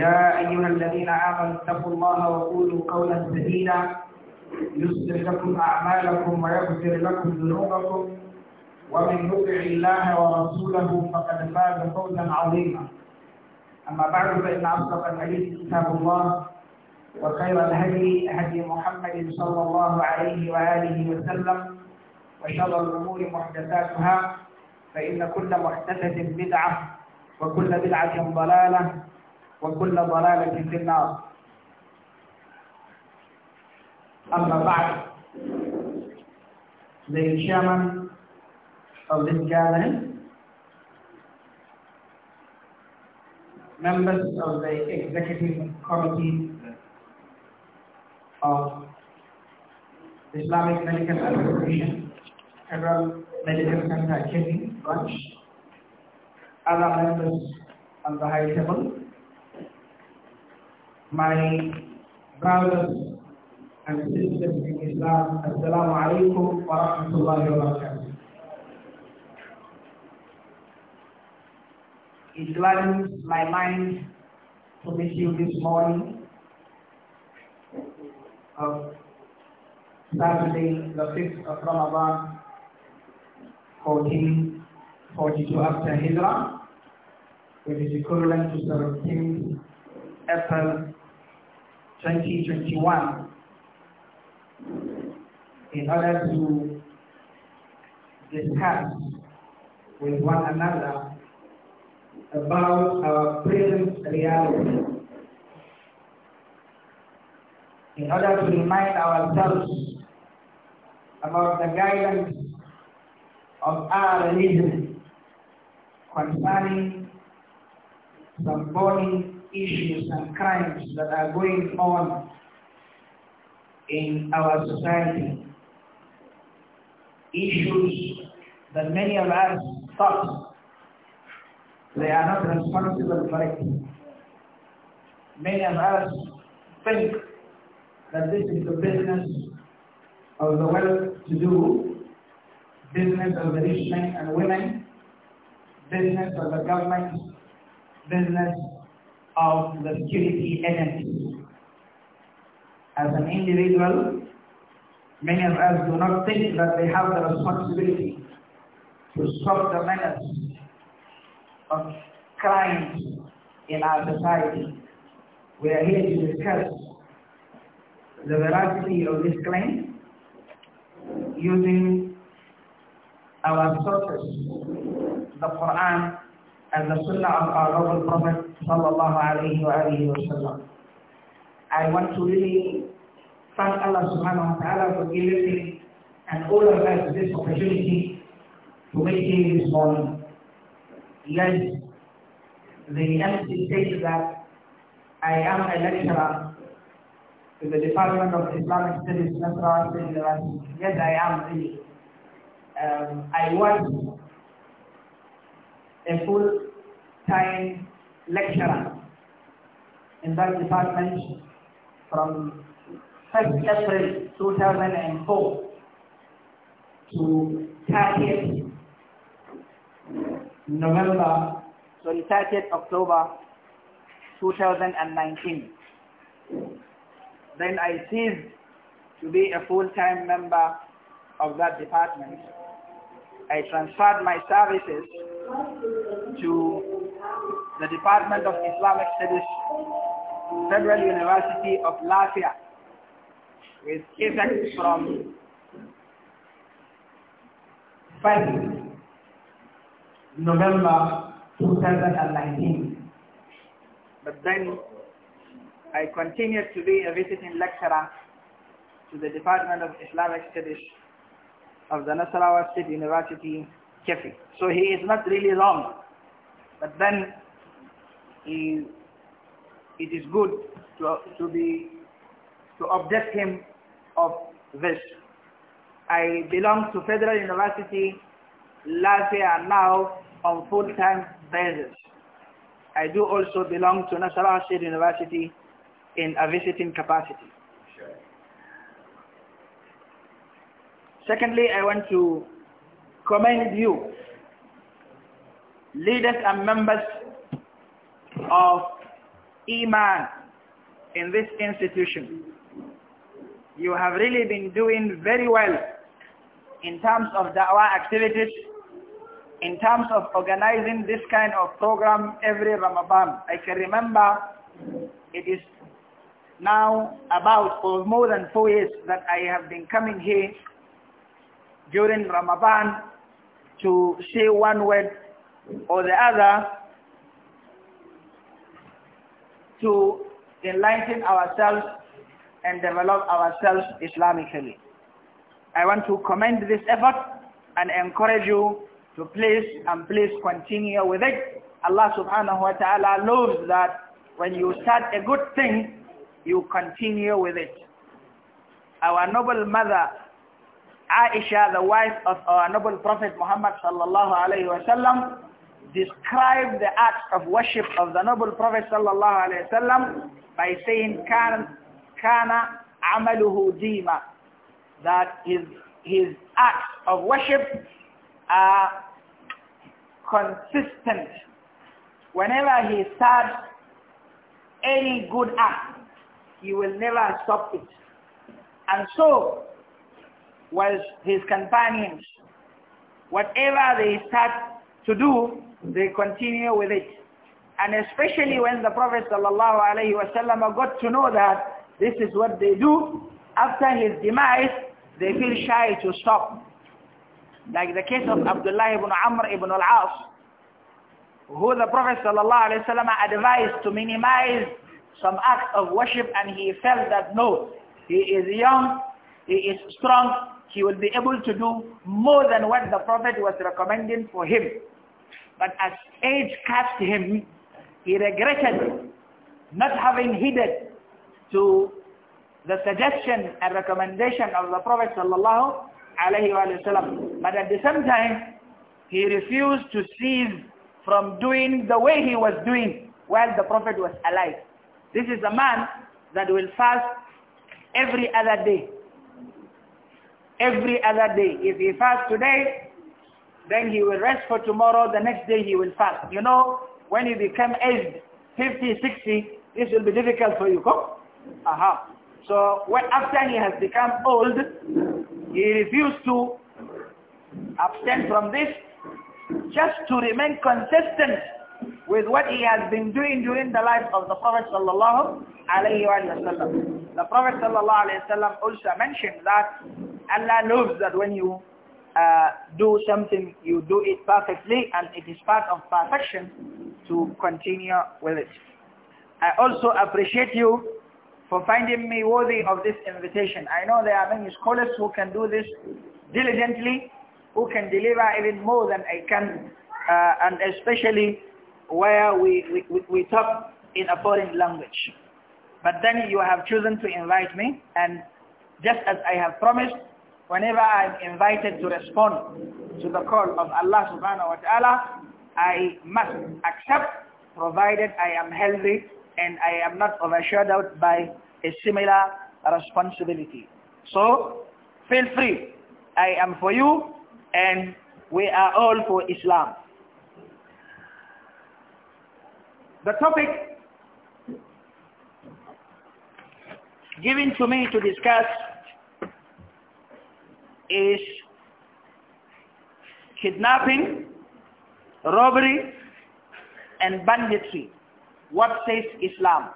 يا أيها الذين آمنوا اتقوا الله وقولوا قولا سديدا يصلح لكم أعمالكم ويغفر لكم ذنوبكم ومن يطع الله ورسوله فقد فاز فوزا عظيما أما بعد فإن أصدق الحديث كتاب الله وخير الهدي هدي محمد صلى الله عليه وآله وسلم وشر الأمور محدثاتها فإن كل محدثة بدعة وكل بدعة ضلالة وكل ضلالة في النار أما بعد the chairman of this gathering, members of the executive committee of the Islamic Medical Association, Federal Medical Center Kenya branch, other members on the high table, my brothers and sisters in Islam, Assalamu alaikum wa rahmatullahi wa barakatuh. It gladdens my mind to meet you this morning of Saturday, the 5th of Ramadan, 1442 after Hijrah, which is equivalent to 17 April 2021 in order to discuss with one another about our present reality in order to remind ourselves about the guidance of our religion concerning some burning issues and crimes that are going on in our society. Issues that many of us thought they are not responsible for it. Many of us think that this is the business of the well-to-do, business of the rich men and women, business of the government, business of the security agencies. As an individual, many of us do not think that they have the responsibility to stop the menace of crimes in our society. We are here to discuss the veracity of this claim using our sources, the Quran and the Sunnah of our noble Prophet sallallahu alaihi wasallam. I want to really thank Allah subhanahu wa ta'ala for giving me and all of us this opportunity to meet here this morning. Yes, the MC says that I am a lecturer in the Department of Islamic Studies, Nasrallah University. Yes, I am really. Um, I was a full-time lecturer in that department from 1st April 2004 to 30th November, sorry, 30th October 2019. Then I ceased to be a full-time member of that department. I transferred my services to the Department of Islamic Studies, Federal University of Latvia, with effect from 5th November 2019. But then I continued to be a visiting lecturer to the Department of Islamic Studies of the Nasarawa State University kafi. So he is not really wrong. But then he, it is good to, to, be, to object him of this. I belong to Federal University last year and now on full-time basis. I do also belong to Nasarawa State University in a visiting capacity. Sure. Secondly, I want to commend you, leaders and members of Iman in this institution. You have really been doing very well in terms of da'wah activities, in terms of organizing this kind of program every Ramadan. I can remember it is now about for more than four years that I have been coming here during Ramadan to say one word or the other to enlighten ourselves and develop ourselves Islamically. I want to commend this effort and encourage you to please and please continue with it. Allah subhanahu wa ta'ala loves that when you start a good thing, you continue with it. Our noble mother, Aisha, the wife of our noble Prophet Muhammad sallallahu alayhi wasallam, described the acts of worship of the noble Prophet sallallahu alayhi wasallam by saying, "Kana, kana amaluhu dima," that his his acts of worship are consistent. Whenever he starts any good act, he will never stop it. And so was his companions. Whatever they start to do, they continue with it. And especially when the Prophet ﷺ got to know that this is what they do, after his demise, they feel shy to stop. Like the case of Abdullah ibn Amr ibn al-As, who the Prophet ﷺ advised to minimize some acts of worship and he felt that no, he is young, he is strong, he will be able to do more than what the Prophet was recommending for him. But as age cast him, he regretted not having heeded to the suggestion and recommendation of the Prophet sallallahu alaihi wasallam. But at the same time, he refused to cease from doing the way he was doing while the Prophet was alive. This is a man that will fast every other day every other day. If he fasts today, then he will rest for tomorrow, the next day he will fast. You know, when you become aged 50, 60, this will be difficult for you. come. Aha. So when, after he has become old, he refused to abstain from this just to remain consistent with what he has been doing during the life of the Prophet sallallahu alaihi wasallam. The Prophet sallallahu alaihi wasallam also mentioned that Allah knows that when you uh, do something, you do it perfectly and it is part of perfection to continue with it. I also appreciate you for finding me worthy of this invitation. I know there are many scholars who can do this diligently, who can deliver even more than I can, uh, and especially where we, we, we talk in a foreign language. But then you have chosen to invite me, and just as I have promised, whenever I'm invited to respond to the call of Allah subhanahu wa ta'ala, I must accept provided I am healthy and I am not overshadowed by a similar responsibility. So feel free. I am for you and we are all for Islam. The topic given to me to discuss is kidnapping, robbery, and banditry. What says Islam?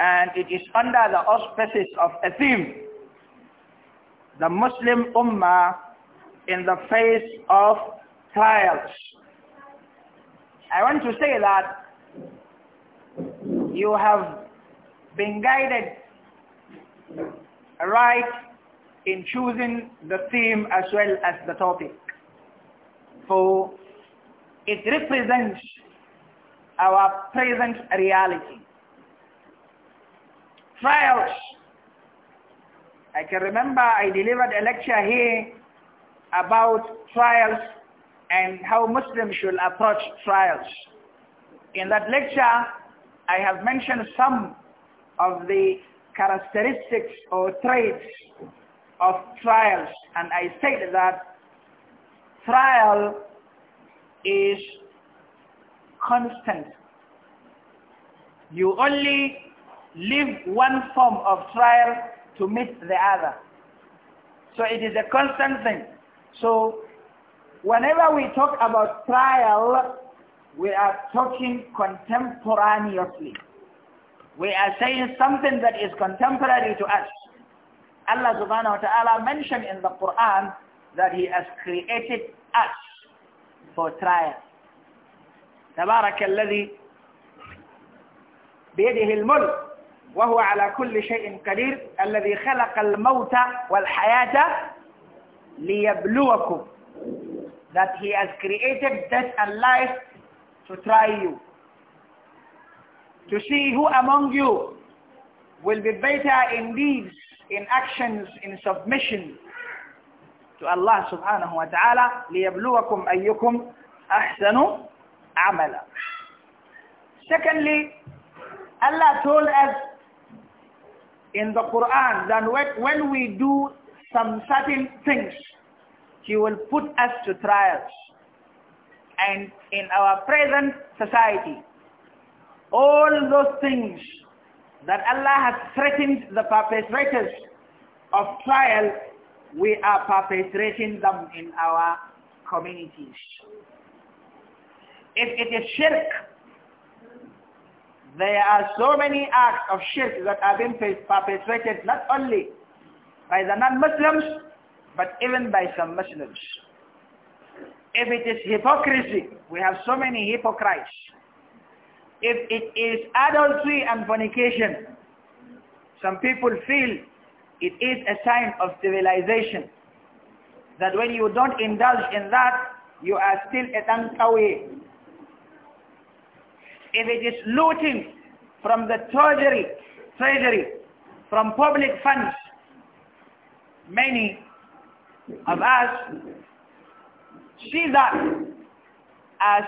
And it is under the auspices of a theme, the Muslim Ummah in the face of trials. I want to say that you have been guided right in choosing the theme as well as the topic. For it represents our present reality. Trials. I can remember I delivered a lecture here about trials and how Muslims should approach trials. In that lecture, I have mentioned some of the characteristics or traits of trials. And I said that trial is constant. You only leave one form of trial to meet the other. So it is a constant thing. So whenever we talk about trial, we are talking contemporaneously. We are saying something that is contemporary to us. Allah subhanahu wa ta'ala mentioned in the Quran that he has created us for trial. تبارك الذي بيده الملك وهو على كل شيء قدير الذي خلق الموت والحياة ليبلوكم that he has created death and life to try you to see who among you will be better in deeds in actions, in submission to Allah subhanahu wa ta'ala, لِيَبْلُوَكُمْ أَيُّكُمْ أَحْسَنُ عَمَلًا Secondly, Allah told us in the Quran that when we do some certain things, He will put us to trials. And in our present society, all those things that Allah has threatened the perpetrators of trial, we are perpetrating them in our communities. If it is shirk, there are so many acts of shirk that have been perpetrated not only by the non-Muslims, but even by some Muslims. If it is hypocrisy, we have so many hypocrites if it is adultery and fornication, some people feel it is a sign of civilization. That when you don't indulge in that, you are still a tankawi. If it is looting from the treasury, treasury, from public funds, many of us see that as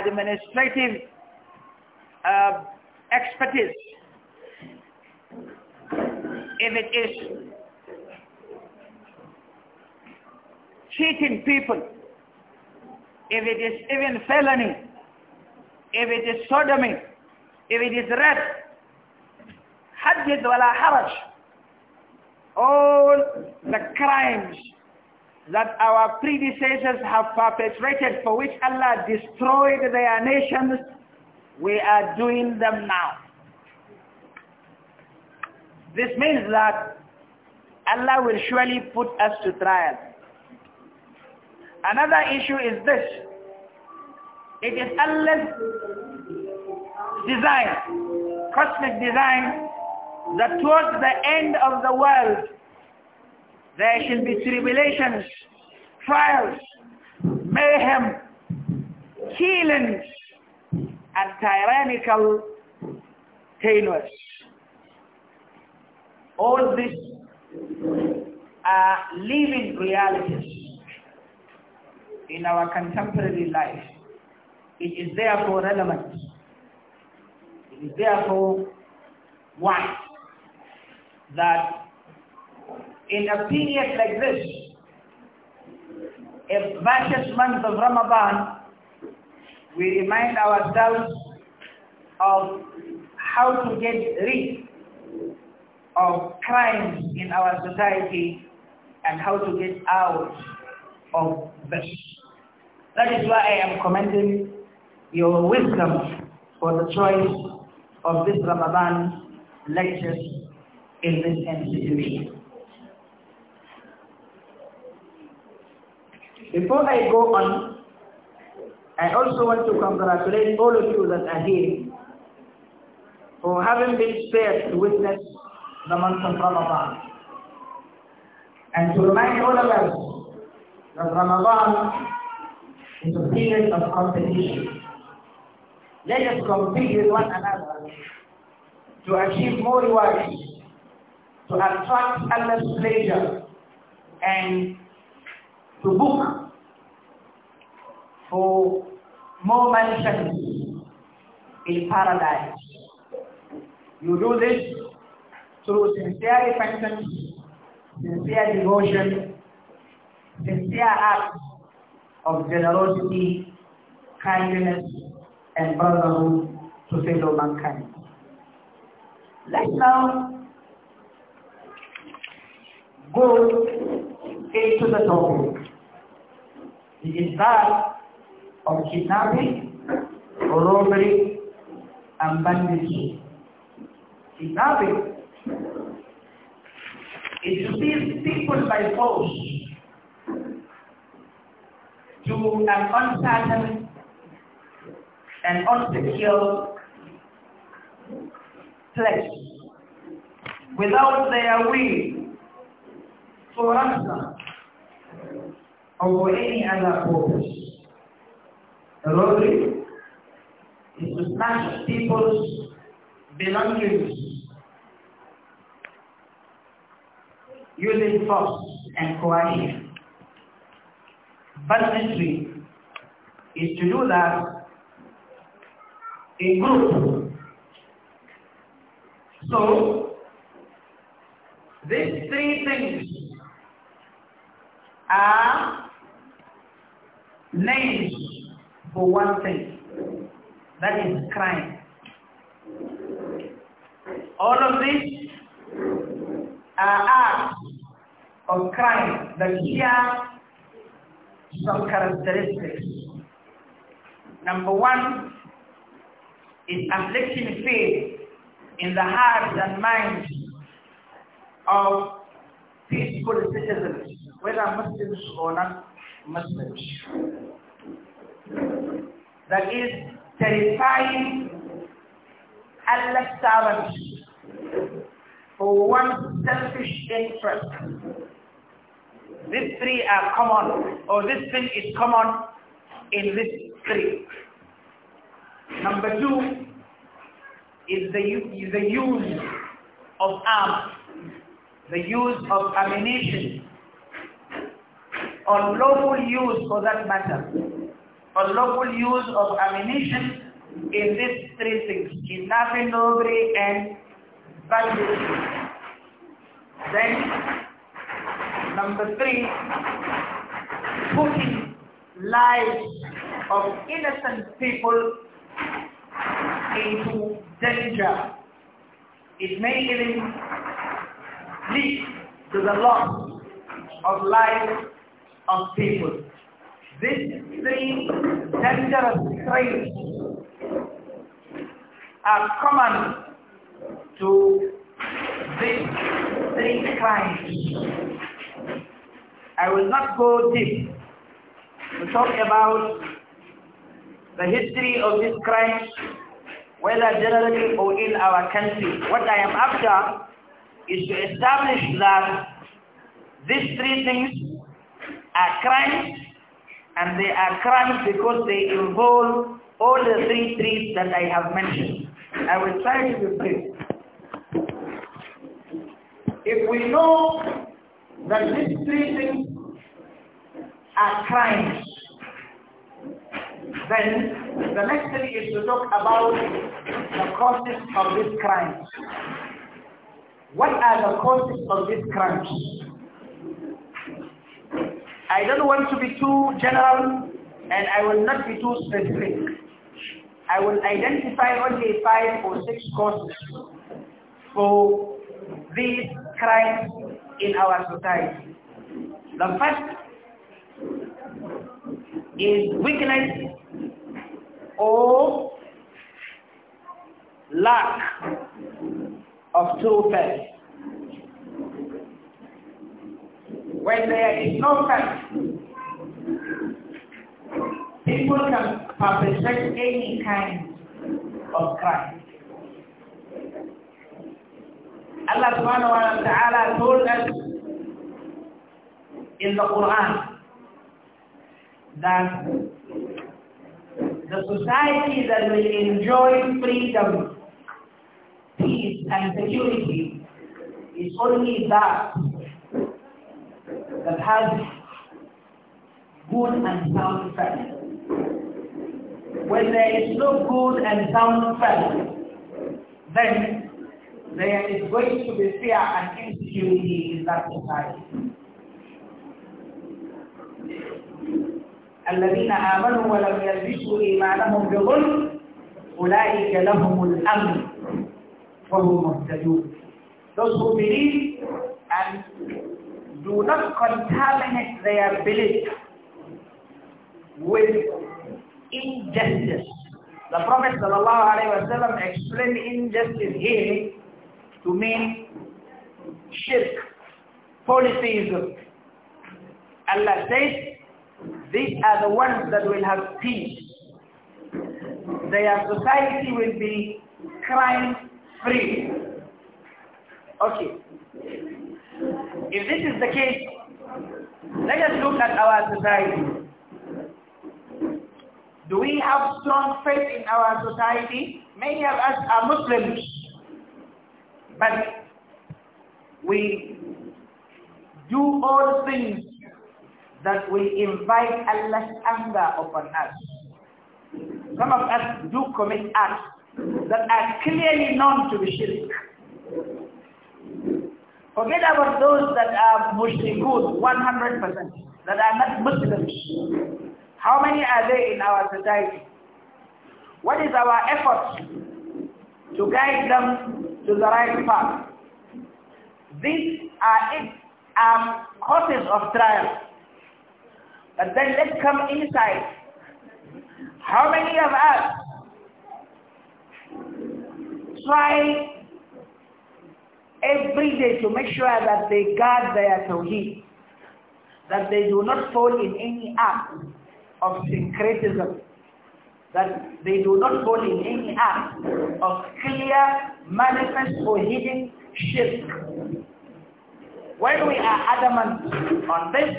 administrative uh, expertise, if it is cheating people, if it is even felony, if it is sodomy, if it is rape, haddid wala haraj, all the crimes that our predecessors have perpetrated for which Allah destroyed their nations we are doing them now. This means that Allah will surely put us to trial. Another issue is this. It is Allah's design, cosmic design, that towards the end of the world, there shall be tribulations, trials, mayhem, killings, and tyrannical tenures. All these are living realities in our contemporary life. It is therefore relevant. It is therefore wise that in a period like this, a vast month of Ramadan we remind ourselves of how to get rid of crimes in our society and how to get out of this. That is why I am commending your wisdom for the choice of this Ramadan lectures in this institution. Before I go on, I also want to congratulate all of you that are here for having been spared to witness the month of Ramadan. And to remind all of us that Ramadan is a period of competition. Let us compete with one another to achieve more rewards, to attract Allah's pleasure, and to book for more mansions in paradise. You do this through sincere repentance, sincere devotion, sincere acts of generosity, kindness, and brotherhood to fellow mankind. Let's now go into the topic. It is that? of kidnapping, robbery, and banditry. Kidnapping is to seize people by force to an uncertain and unsecure place without their will for ransom or for any other purpose. Robbery is to snatch people's belongings using force and coercion. Banditry is to do that in group. So, these three things are names for one thing. That is crime. All of these are acts of crime that share some characteristics. Number one is afflicting faith in the hearts and minds of peaceful citizens, whether Muslims or not Muslims. That is terrifying Allah's servant for one selfish interest. These three are common, or this thing is common in these three. Number two is the, is the use of arms, the use of ammunition, or lawful use for that matter for the local use of ammunition in these three things, kidnapping, robbery, and banditry. Then, number three, putting lives of innocent people into danger. It may even lead to the loss of lives of people. These three dangerous traits are common to these three crimes. I will not go deep to talk about the history of these crimes, whether generally or in our country. What I am after is to establish that these three things are crimes and they are crimes because they involve all the three things that I have mentioned. I will try to repeat. If we know that these three things are crimes, then the next thing is to talk about the causes of these crimes. What are the causes of these crimes? I don't want to be too general and I will not be too specific. I will identify only five or six causes for these crimes in our society. The first is weakness or lack of true faith. when there is no such people can perpetrate any kind of crime. Allah subhanahu wa ta'ala told us in the Quran that the society that will enjoy freedom, peace and security is only that that has good and sound faith. When there is no good and sound faith, then there is going to be fear and insecurity in that society. الذين آمنوا ولم يلبسوا إيمانهم بظلم أولئك لهم الأمن وهم مهتدون. Those who believe and do not contaminate their belief with injustice. The Prophet ﷺ explained injustice here to mean shirk, polytheism. Allah says, these are the ones that will have peace. Their society will be crime free. Okay. If this is the case, let us look at our society. Do we have strong faith in our society? Many of us are Muslims, but we do all things that will invite Allah's anger upon us. Some of us do commit acts that are clearly known to be shirk. Forget about those that are mushrikun, 100%, that are not Muslims. How many are there in our society? What is our effort to guide them to the right path? These are, it, are causes of trial. But then let's come inside. How many of us try every day to make sure that they guard their tawheed, that they do not fall in any act of syncretism, that they do not fall in any act of clear, manifest or hidden shirk. When we are adamant on this,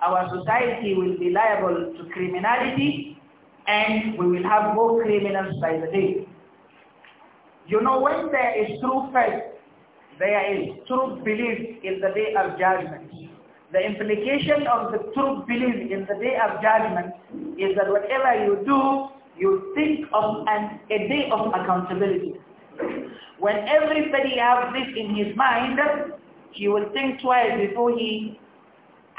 our society will be liable to criminality and we will have more criminals by the day. You know, when there is true faith there is true belief in the day of judgment. The implication of the true belief in the day of judgment is that whatever you do, you think of an, a day of accountability. When everybody has this in his mind, he will think twice before he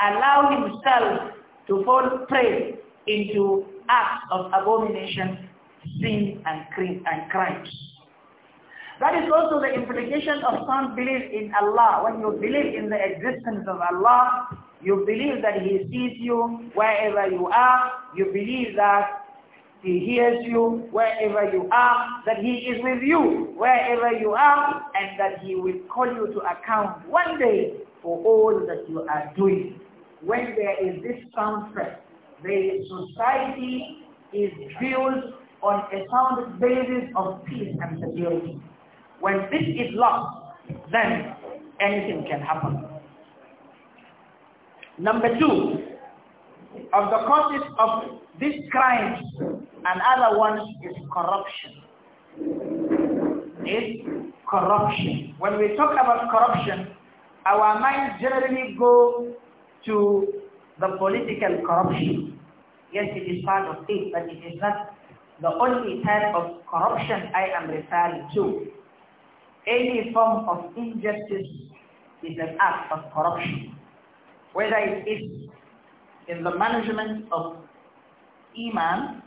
allow himself to fall prey into acts of abomination, sin and, and crimes. That is also the implication of sound belief in Allah. When you believe in the existence of Allah, you believe that He sees you wherever you are. You believe that He hears you wherever you are, that He is with you wherever you are, and that He will call you to account one day for all that you are doing. When there is this contract, the society is built on a sound basis of peace and security. When this is lost, then anything can happen. Number two, of the causes of these crimes and other ones is corruption. Is corruption. When we talk about corruption, our minds generally go to the political corruption. Yes, it is part of it, but it is not the only type of corruption I am referring to any form of injustice is an act of corruption. Whether it is in the management of Iman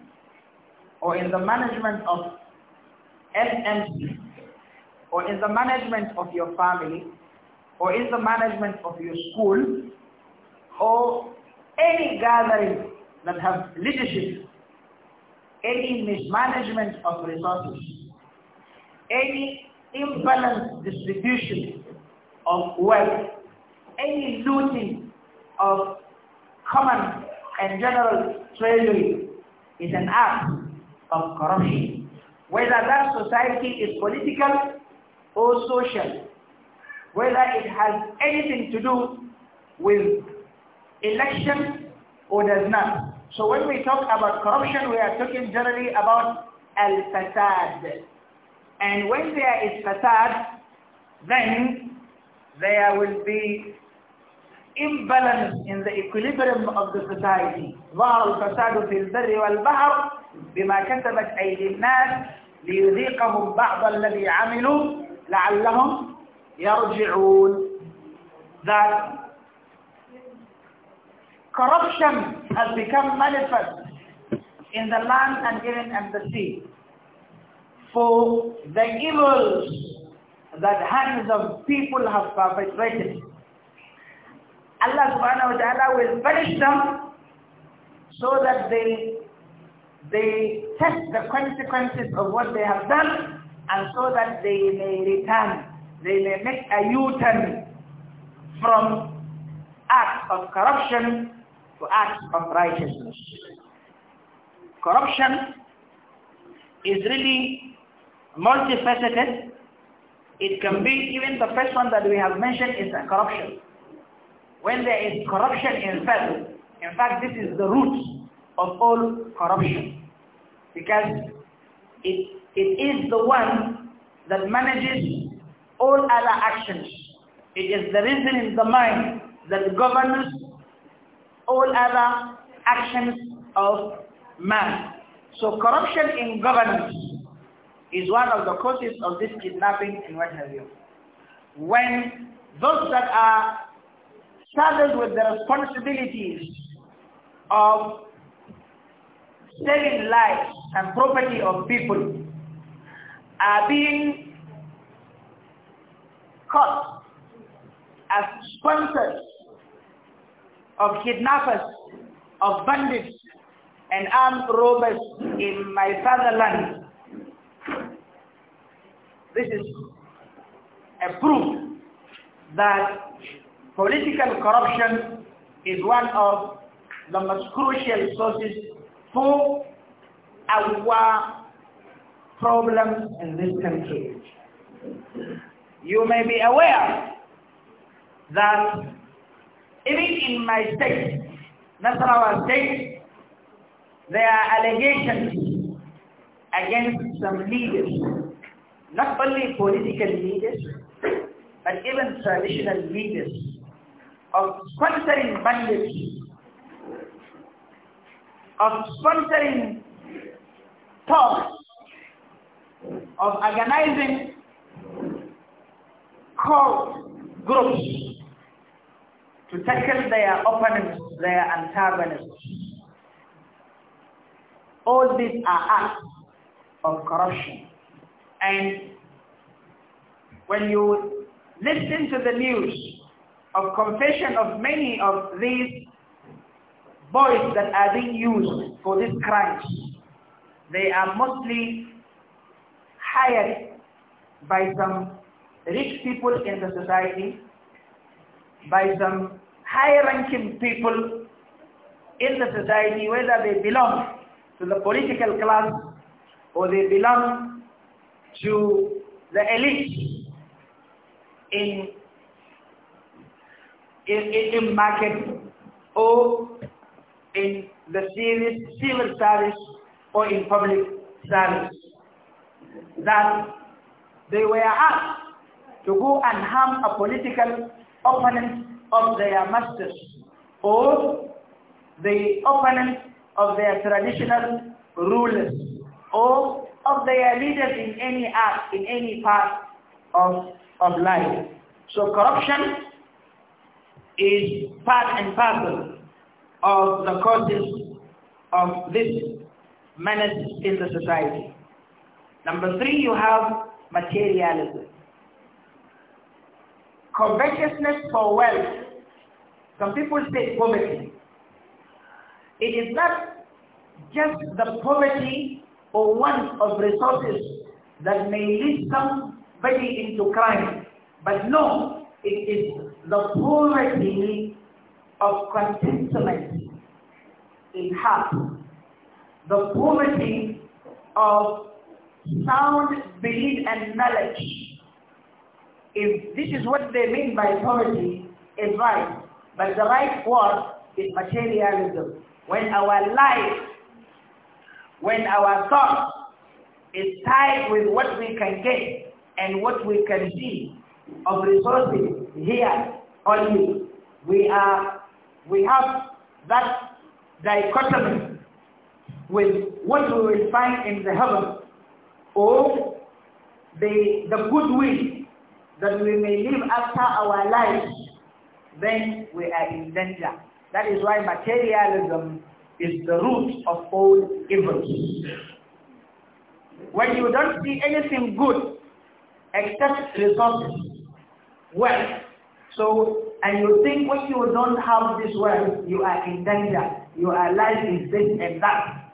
or in the management of MMC or in the management of your family or in the management of your school or any gathering that have leadership, any mismanagement of resources, any imbalanced distribution of wealth, any looting of common and general treasury is an act of corruption. Whether that society is political or social, whether it has anything to do with election or does not. So when we talk about corruption, we are talking generally about al-fasad, and when there is fasad, then there will be imbalance in the equilibrium of the society. ظهر الفساد في البر والبحر بما كسبت أيدي الناس ليذيقهم بعض الذي عملوا لعلهم يرجعون. That corruption has become manifest in the land and even in the sea for the evils that hands of people have perpetrated. Allah subhanahu wa ta'ala will punish them so that they they test the consequences of what they have done and so that they may return, they may make a U-turn from acts of corruption to acts of righteousness. Corruption is really multifaceted. It can be even the first one that we have mentioned is corruption. When there is corruption in fact, in fact this is the root of all corruption because it, it is the one that manages all other actions. It is the reason in the mind that governs all other actions of man. So corruption in governance is one of the causes of this kidnapping and what have you. When those that are saddled with the responsibilities of saving lives and property of people are being caught as sponsors of kidnappers, of bandits and armed robbers in my fatherland this is a proof that political corruption is one of the most crucial sources for our problems in this country. You may be aware that even in my state, Nasarawa state, there are allegations against some leaders not only political leaders, but even traditional leaders of sponsoring bandits, of sponsoring talks, of organizing core groups to tackle their opponents, their antagonists. All these are acts of corruption. And when you listen to the news of confession of many of these boys that are being used for these crimes, they are mostly hired by some rich people in the society, by some high-ranking people in the society, whether they belong to the political class or they belong to the elite in in, in, in market or in the civil civil service or in public service that they were asked to go and harm a political opponent of their masters or the opponent of their traditional rulers or of their leaders in any act, in any part of, of life. So corruption is part and parcel of the causes of this menace in the society. Number three, you have materialism. Covetousness for wealth. Some people say poverty. It is not just the poverty or want of resources that may lead somebody into crime. But no, it is the poverty of contentment in heart, the poverty of sound belief and knowledge. If this is what they mean by poverty, it's right. But the right word is materialism. When our life when our thought is tied with what we can get and what we can see of resources here on you, we are we have that dichotomy with what we will find in the heaven or the the goodwill that we may live after our lives, then we are in danger. That is why materialism is the root of all evil. When you don't see anything good except resources, wealth, so, and you think when you don't have this wealth, you are in danger, your life is this and that.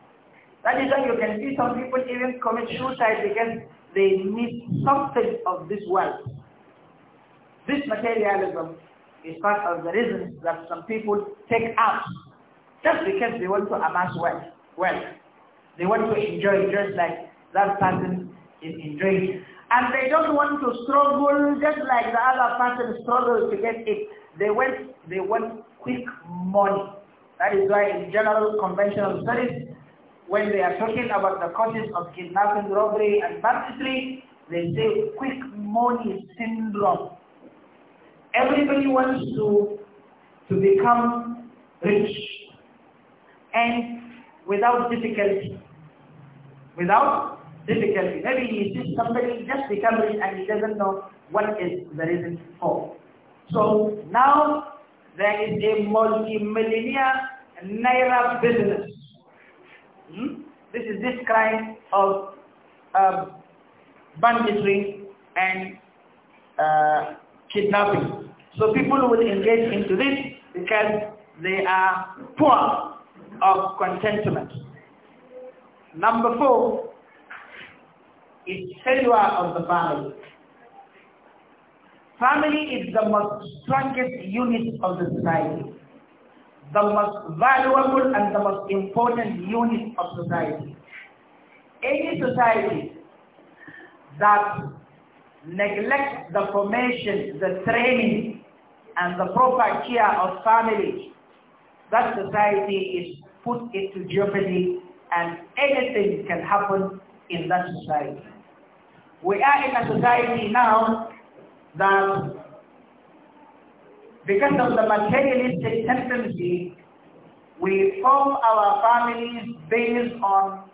That is why you can see some people even commit suicide because they need something of this wealth. This materialism is part of the reason that some people take up just because they want to amass wealth. wealth. They want to enjoy just like that person is enjoying. And they don't want to struggle just like the other person struggles to get it. They want, they want quick money. That is why in general conventional studies, when they are talking about the causes of kidnapping, robbery, and banditry, they say quick money syndrome. Everybody wants to, to become rich and without difficulty. Without difficulty. Maybe he sees somebody just recovering and he doesn't know what is the reason for. So now there is a multi-millionaire naira business. Hmm? This is this kind of uh, banditry and uh, kidnapping. So people will engage into this because they are poor of contentment. Number four is failure of the family. Family is the most strongest unit of the society, the most valuable and the most important unit of society. Any society that neglects the formation, the training, and the proper care of family, that society is put it to jeopardy and anything can happen in that society. We are in a society now that because of the materialistic tendency, we form our families based on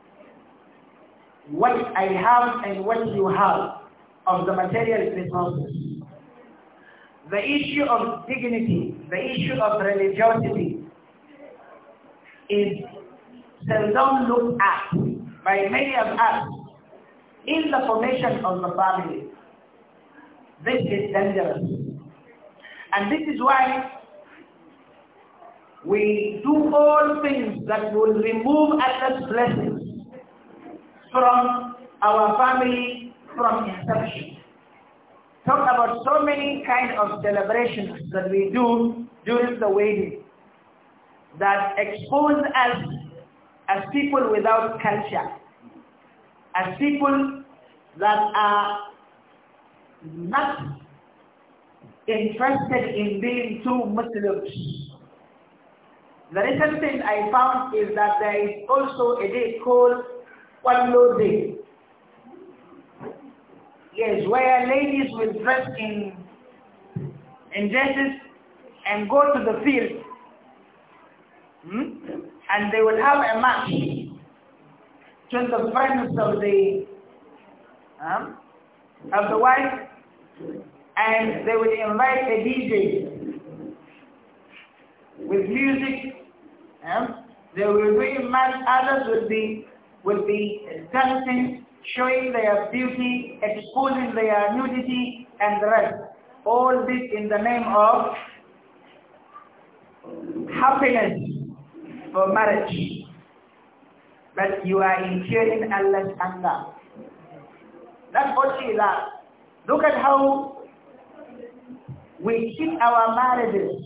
what I have and what you have of the material resources. The issue of dignity, the issue of religiosity, is seldom looked at by many of us in the formation of the family. This is dangerous. And this is why we do all things that will remove Allah's blessings from our family from inception. Talk about so many kind of celebrations that we do during the wedding that expose us as people without culture, as people that are not interested in being true Muslims. The recent thing I found is that there is also a day called Wallo Day. Yes, where ladies will dress in in dresses and go to the field Hmm? And they will have a match to the friends of the of the wife and they will invite a DJ with music. Uh, they will bring match others will be will be dancing, showing their beauty, exposing their nudity and the rest. All this in the name of happiness for marriage, but you are incurring Allah's anger. That's what only that, look at how we keep our marriages.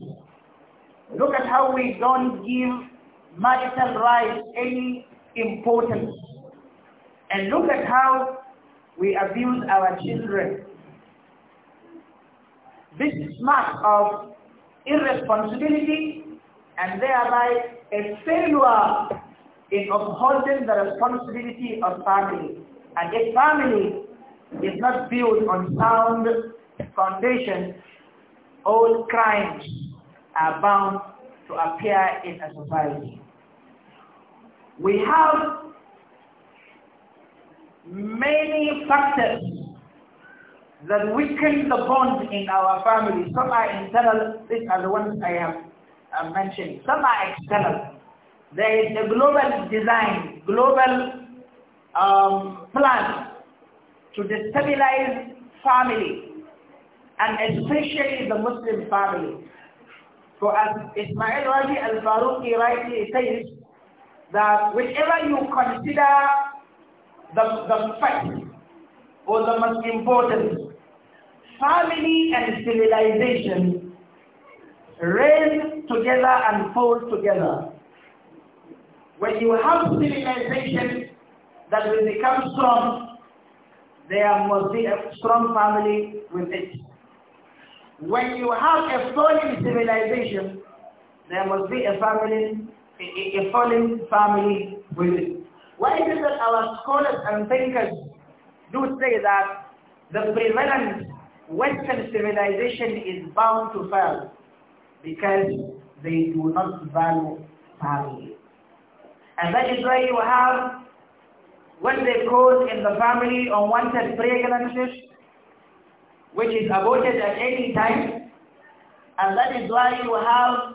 Look at how we don't give marital rights any importance. And look at how we abuse our children. This is mark of irresponsibility and thereby a failure in upholding the responsibility of family. And if family is not built on sound foundation, all crimes are bound to appear in a society. We have many factors that weaken the bond in our family. Some are internal, these are the ones I have uh, Some are external. There is a global design, global um, plan to destabilize family and especially the Muslim family. So as Ismail Raji al-Faruqi rightly says, that whichever you consider the, the fact or the most important, family and civilization raise together and fold together. When you have civilization that will become strong, there must be a strong family with it. When you have a falling civilization, there must be a family, a, a falling family with it. Why is it that our scholars and thinkers do say that the prevalent Western civilization is bound to fail? Because they do not value family. And that is why you have what they call in the family unwanted pregnancies, which is aborted at any time. And that is why you have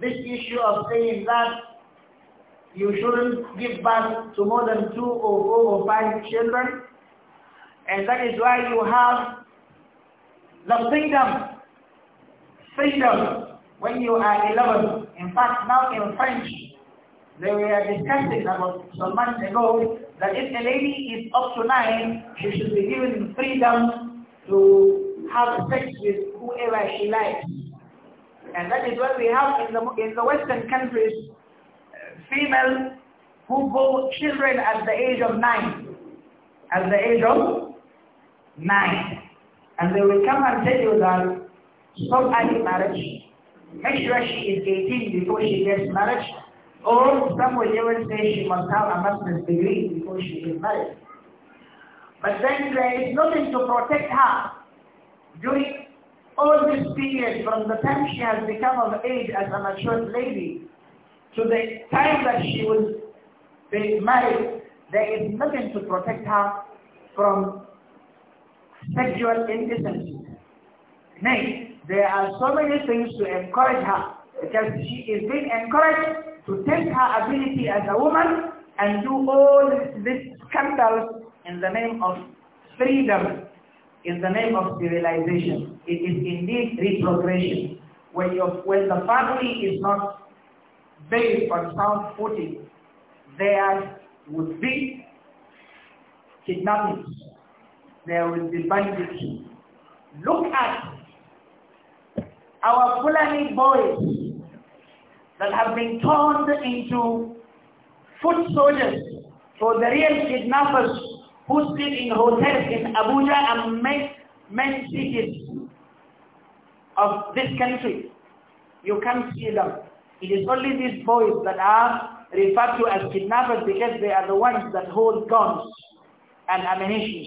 this issue of saying that you shouldn't give birth to more than two or four or five children. And that is why you have the freedom, freedom when you are 11, in fact now in French, they were discussing about some months ago that if a lady is up to 9, she should be given freedom to have sex with whoever she likes. And that is what we have in the, in the Western countries, uh, females who go children at the age of 9. At the age of 9. And they will come and tell you that stop early marriage, Make sure she is 18 before she gets married. Or some will even say she must have a master's degree before she is married. But then there is nothing to protect her during all this period from the time she has become of age as a mature lady to the time that she was married, there is nothing to protect her from sexual indecency. Nay, there are so many things to encourage her because she is being encouraged to take her ability as a woman and do all these scandals in the name of freedom, in the name of civilization. It is indeed retrogression. When, when the family is not based on sound footing, there would be kidnappings. There will be banditry. Look at our Fulani boys that have been turned into foot soldiers for the real kidnappers who sleep in hotels in Abuja and main, many cities of this country. You can't see them. It is only these boys that are referred to as kidnappers because they are the ones that hold guns and ammunition.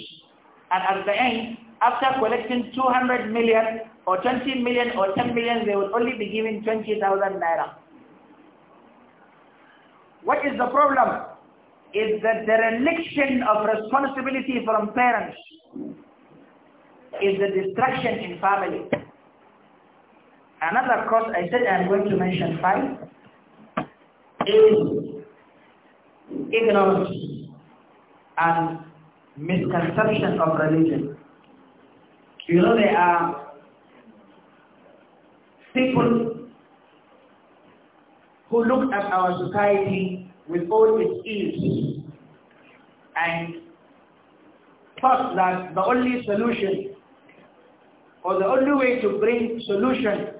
And at the end, after collecting 200 million or 20 million or 10 million, they will only be given 20,000 naira. What is the problem? Is the dereliction of responsibility from parents is the destruction in family. Another cause I said I'm going to mention five is ignorance and misconception of religion. You know there are people who look at our society with all its ills and thought that the only solution or the only way to bring solution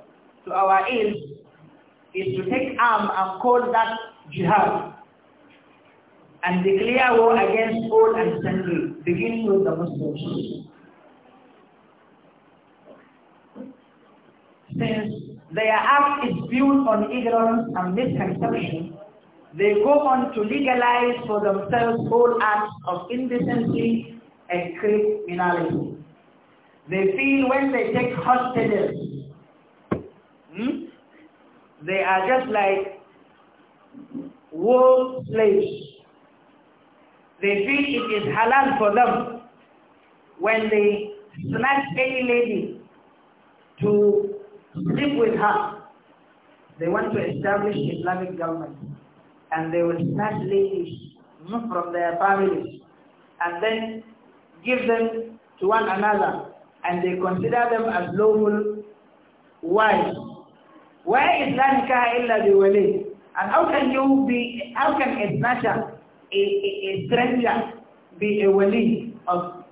to our ills is to take arm and call that jihad and declare war against all and sundry, beginning with the Muslims. Since their act is built on ignorance and misconception, they go on to legalize for themselves all acts of indecency and criminality. They feel when they take hostages, hmm, they are just like war slaves. They feel it is halal for them when they snatch any lady to Live with her. They want to establish Islamic government. And they will snatch ladies from their families and then give them to one another. And they consider them as lawful wives. Where is la nikah illa biwali? And how can you be, how can a snatcher, a, a, a stranger, be a wali of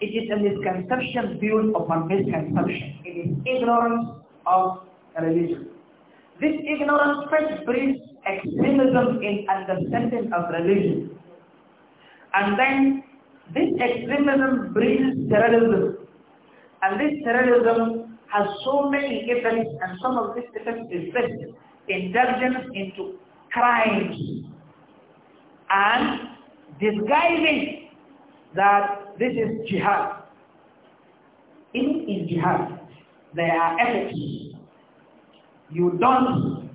it is a misconception built upon misconception. It is ignorance of religion. This ignorance first breeds extremism in understanding of religion. And then this extremism breeds terrorism. And this terrorism has so many effects and some of these effects is based indulgence into crimes and disguising that this is jihad. It is jihad, they are enemies. You don't,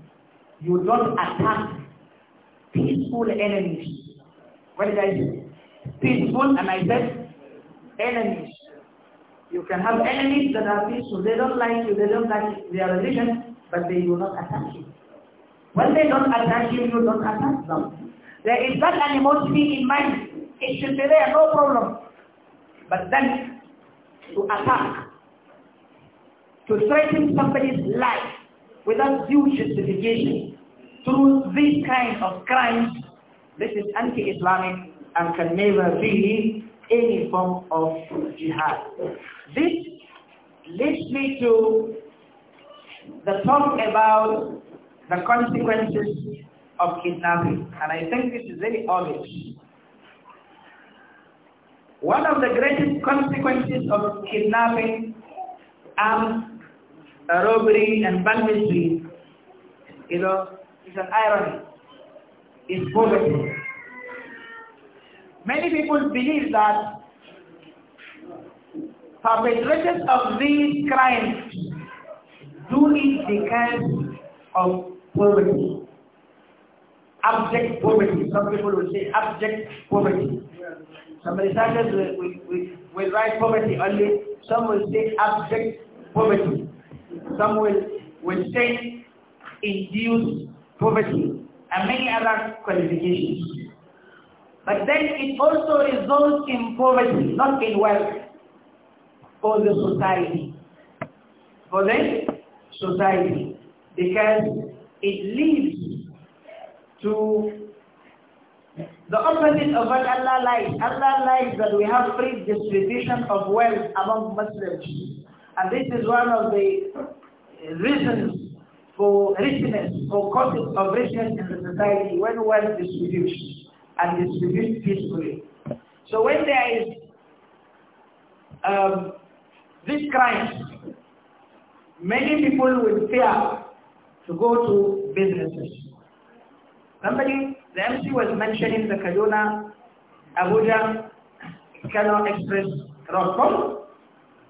you don't attack peaceful enemies. What did I say? Peaceful, and I said enemies. You can have enemies that are peaceful. They don't like you. They don't like their religion, but they do not attack you. When they don't attack you, you don't attack them. There is that animosity in mind. It should be there, no problem. But then to attack to threaten somebody's life without due justification through this kind of crimes, this is anti-Islamic and can never be any form of jihad. This leads me to the talk about the consequences of kidnapping. And I think this is very obvious. One of the greatest consequences of kidnapping are robbery and bank mystery, you know, is an irony. It's poverty. Many people believe that perpetrators of these crimes do it because of poverty. Abject poverty. Some people will say abject poverty. Some researchers will, will, will write poverty only. Some will say abject poverty. Samuel will say induced poverty and many other qualifications. But then it also results in poverty, not in wealth, for the society. For the society. Because it leads to the opposite of what Allah likes. Allah likes that we have free distribution of wealth among Muslims. And this is one of the reasons for richness, for causes of richness in the society when wealth distributes and distributes peacefully. So when there is um, this crime, many people will fear to go to businesses. Somebody, the MC was mentioning the Kaduna, Abuja, Kano Express road.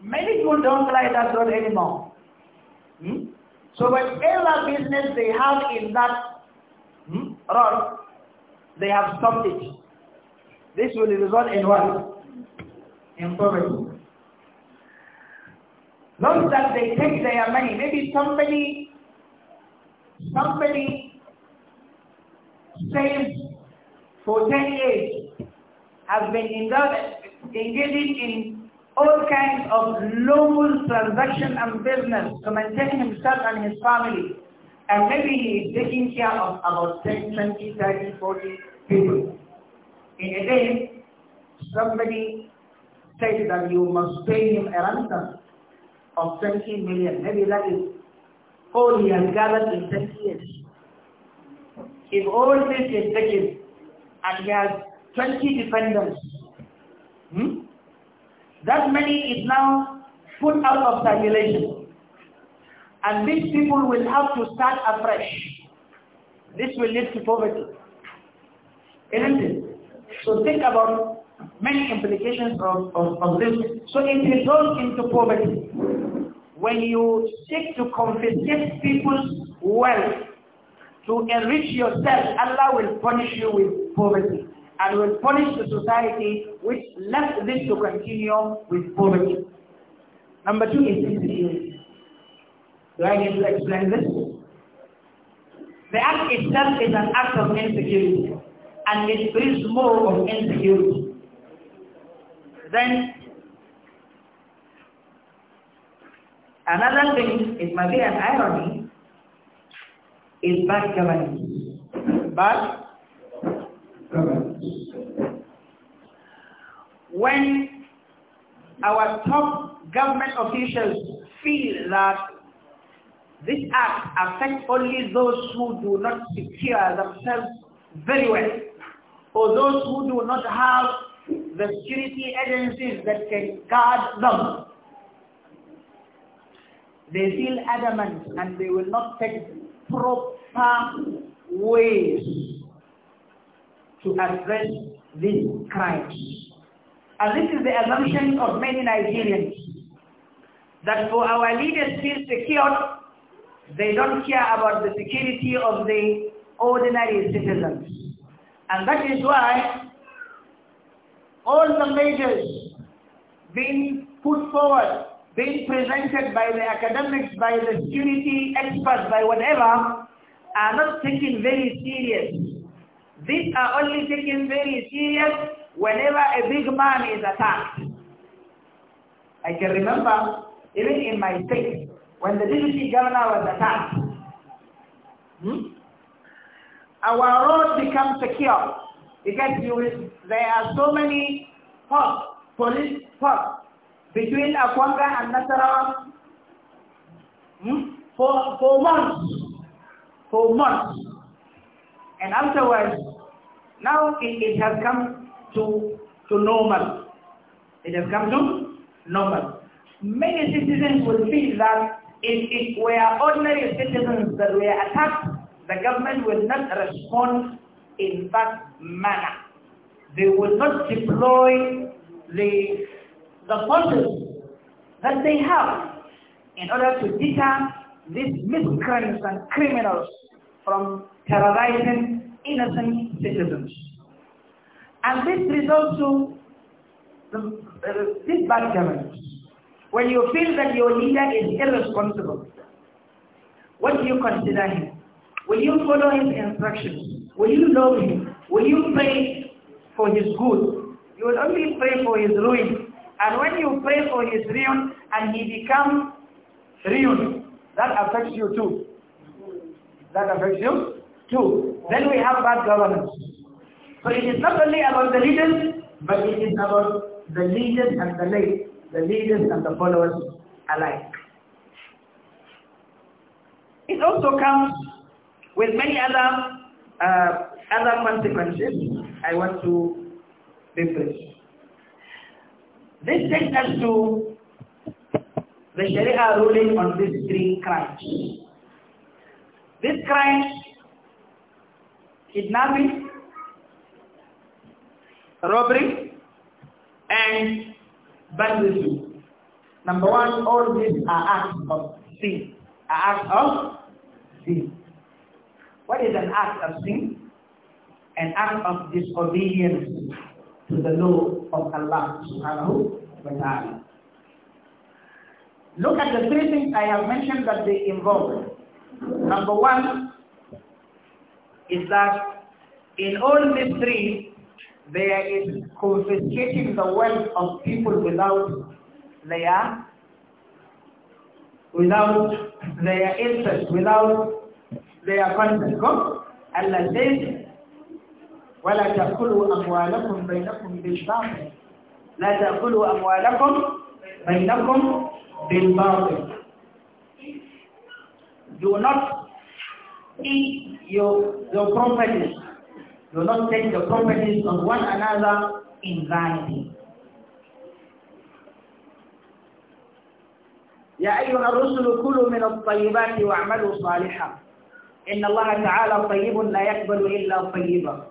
Many people don't like that road anymore. So whatever business they have in that hmm, run, they have stopped it. This will result in what? In poverty. Not that they take their money. Maybe somebody, somebody saves for 10 years, has been engaged in all kinds of local transaction and business to maintain himself and his family. And maybe he is taking care of about 10, 20, 30, 40 people. In a day, somebody said that you must pay him a ransom of 20 million. Maybe that is all he has gathered in 20 years. If all this is taken and he has 20 dependents, that money is now put out of circulation. And these people will have to start afresh. This will lead to poverty. Isn't it? So think about many implications of, of, of this. So it results into poverty. When you seek to confiscate people's wealth to enrich yourself, Allah will punish you with poverty and will punish the society which left this to continue with poverty. Number two is insecurity. Do I need to explain this? The act itself is an act of insecurity and it brings more of insecurity. Then another thing, it might be an irony, is bad governance. But when our top government officials feel that this act affects only those who do not secure themselves very well, or those who do not have the security agencies that can guard them. They feel adamant and they will not take proper ways to address these crimes. And this is the assumption of many Nigerians, that for our leaders feel secured, they don't care about the security of the ordinary citizens. And that is why all the measures being put forward, being presented by the academics, by the security experts, by whatever, are not taken very serious. These are only taken very serious whenever a big man is attacked. I can remember, even in my state, when the deputy governor was attacked, hmm? our road becomes secure because will, there are so many posts, police posts, between Akwanga and Nasarawa hmm? for, for months. For months. And afterwards, now it, it has come to, to normal. It has come to normal. Many citizens will feel that if it were ordinary citizens that were attacked, the government will not respond in that manner. They will not deploy the, the forces that they have in order to deter these miscreants and criminals from terrorizing innocent citizens. And this results also the, uh, this bad governance. When you feel that your leader is irresponsible, what do you consider him? Will you follow his instructions? Will you love him? Will you pray for his good? You will only pray for his ruin. And when you pray for his ruin and he becomes ruined, that affects you too. That affects you too. Then we have bad governance. So it is not only about the leaders, but it is about the leaders and the lay, the leaders and the followers alike. It also comes with many other uh, other consequences. I want to brief. This takes us to the Sharia ruling on these three crimes. is crimes, kidnapping, robbery, and vandalism. Number one, all these are acts of sin. Are acts of sin. What is an act of sin? An act of disobedience to the law of Allah subhanahu wa ta'ala. Look at the three things I have mentioned that they involve. Number one is that in all these three, there is confiscating the wealth of people without their without their interest, without their consent. Allah says, وَلَا تَأْكُلُوا أَمْوَالَكُمْ بَيْنَكُمْ بِالْبَاطِلِ لَا تَأْكُلُوا أَمْوَالَكُمْ بَيْنَكُمْ بِالْبَاطِلِ Do not eat your, your property do not take the properties of one another in vanity. يا أيها الرسل كلوا من الطيبات واعملوا صالحا إن الله تعالى طيب لا يقبل إلا طيبا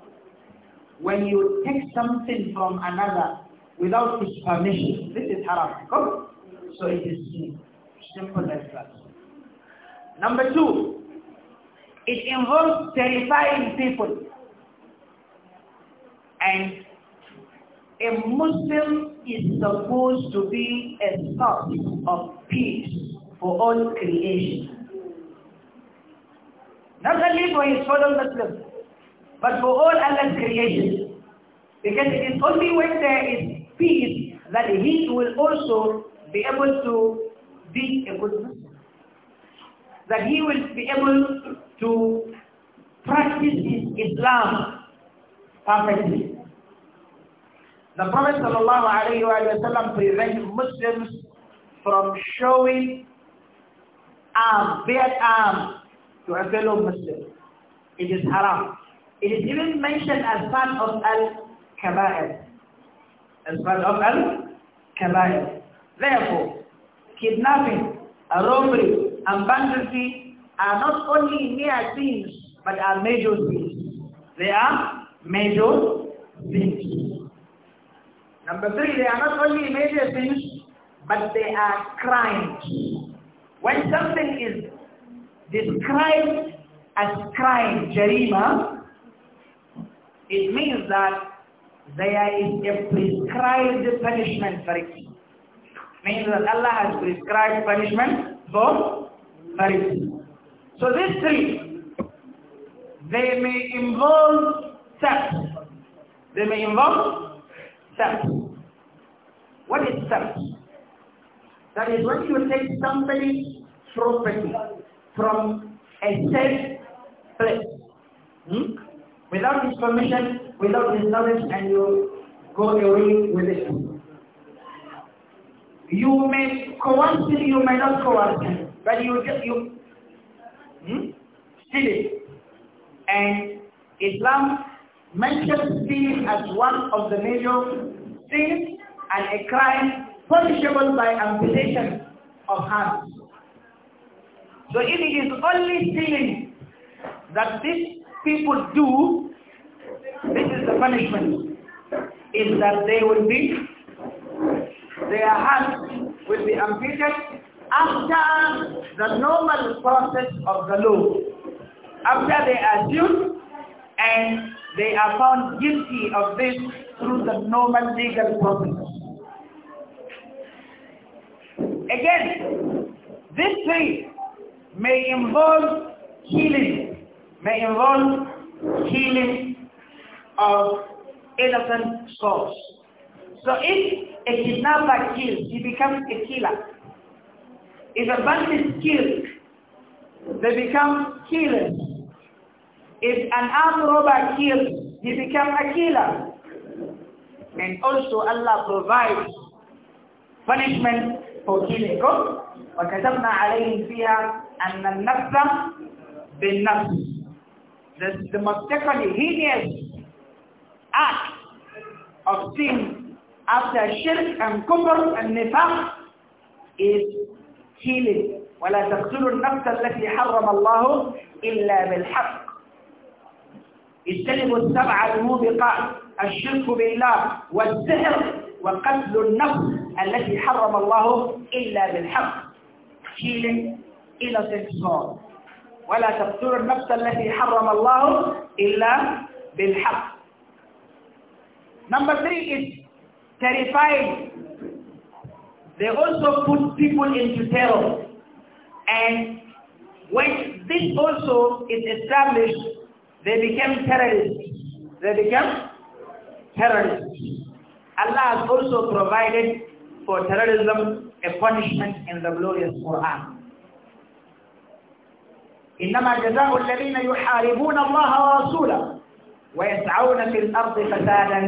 When you take something from another without his permission, this is haram. So it is Simple as that. Number two, it involves terrifying people. And a Muslim is supposed to be a source of peace for all creation. Not only for his fellow Muslims, but for all other creation. Because it is only when there is peace that he will also be able to be a good Muslim. That he will be able to practice his Islam perfectly. The Prophet ﷺ prevents Muslims from showing arm, bare arm to a fellow Muslim. It is haram. It is even mentioned as part of al-kaba'ir. As part of al-kaba'ir. Therefore, kidnapping, robbery, and banditry are not only mere things but are major sins. They are major sins. Number three, they are not only major sins, but they are crimes. When something is described as crime, jarima, it means that there is a prescribed punishment for it. Means that Allah has prescribed punishment for, for it. So these three, they may involve theft. They may involve theft. What is theft? That is when you take somebody's property from a safe place hmm? without his permission, without his knowledge, and you go away with it. You may coerce it, you may not coerce it, but you just, you hmm? steal it. And Islam mentions stealing as one of the major sins and a crime punishable by amputation of hands. So it is only stealing that these people do, this is the punishment, is that they will be, their hands will be amputated after the normal process of the law. After they are sued and they are found guilty of this through the normal legal process. Again, this thing may involve healing, may involve healing of innocent souls. So if a kidnapper kills, he becomes a killer. If a bandit kills, they become killers. If an armed robber kills, he becomes a killer. And also Allah provides punishment فوتينكم وكتبنا عليهم فيها أن النفس بالنفس the most heinous act of sin after shirk and kufr and nifaq is healing ولا تقتلوا النفس التي حرم الله إلا بالحق اجتنبوا السبع الموبقات الشرك بالله والسحر وقتل النفس التي حرم الله إلا بالحق killing innocent God ولا تقتلوا النفس التي حرم الله إلا بالحق Number three is terrifying. They also put people into terror. And when this also is established, they become terrorists. They become terrorists. Allah has also provided for terrorism a punishment in the glorious Quran. إنما جزاء الذين يحاربون الله ورسوله ويسعون في الأرض فسادا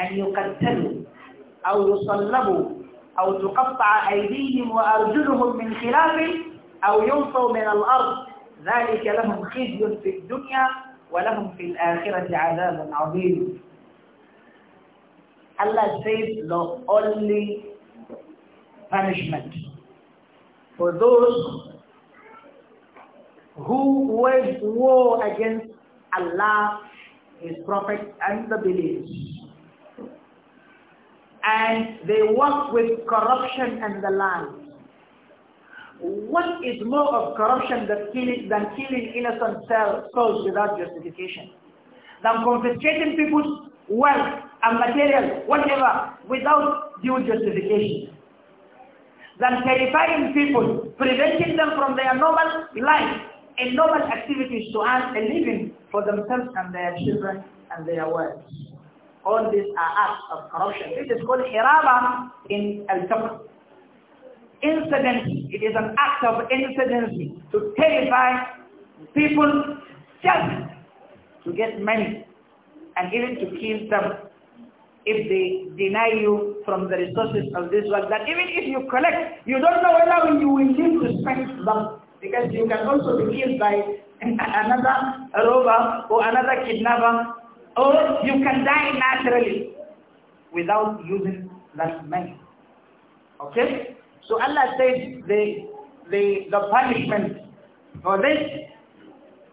أن يقتلوا أو يصلبوا أو تقطع أيديهم وأرجلهم من خلاف أو ينصوا من الأرض ذلك لهم خزي في الدنيا ولهم في الآخرة عذاب عظيم Allah says the only punishment for those who wage war against Allah, His Prophet and the believers. And they work with corruption and the lies. What is more of corruption than killing, than killing innocent souls without justification? Than confiscating people's wealth and material, whatever, without due justification? than terrifying people, preventing them from their normal life and normal activities to earn a living for themselves and their children and their wives. All these are acts of corruption. This is called hiraba in al-tabr. Insurgency. It is an act of insurgency to terrify people just to get money and even to kill them if they deny you from the resources of this world, that even if you collect, you don't know whether you will need to spend them, because you can also be killed by another robber or another kidnapper, or you can die naturally without using that money. Okay? So Allah says the, the, the punishment for this,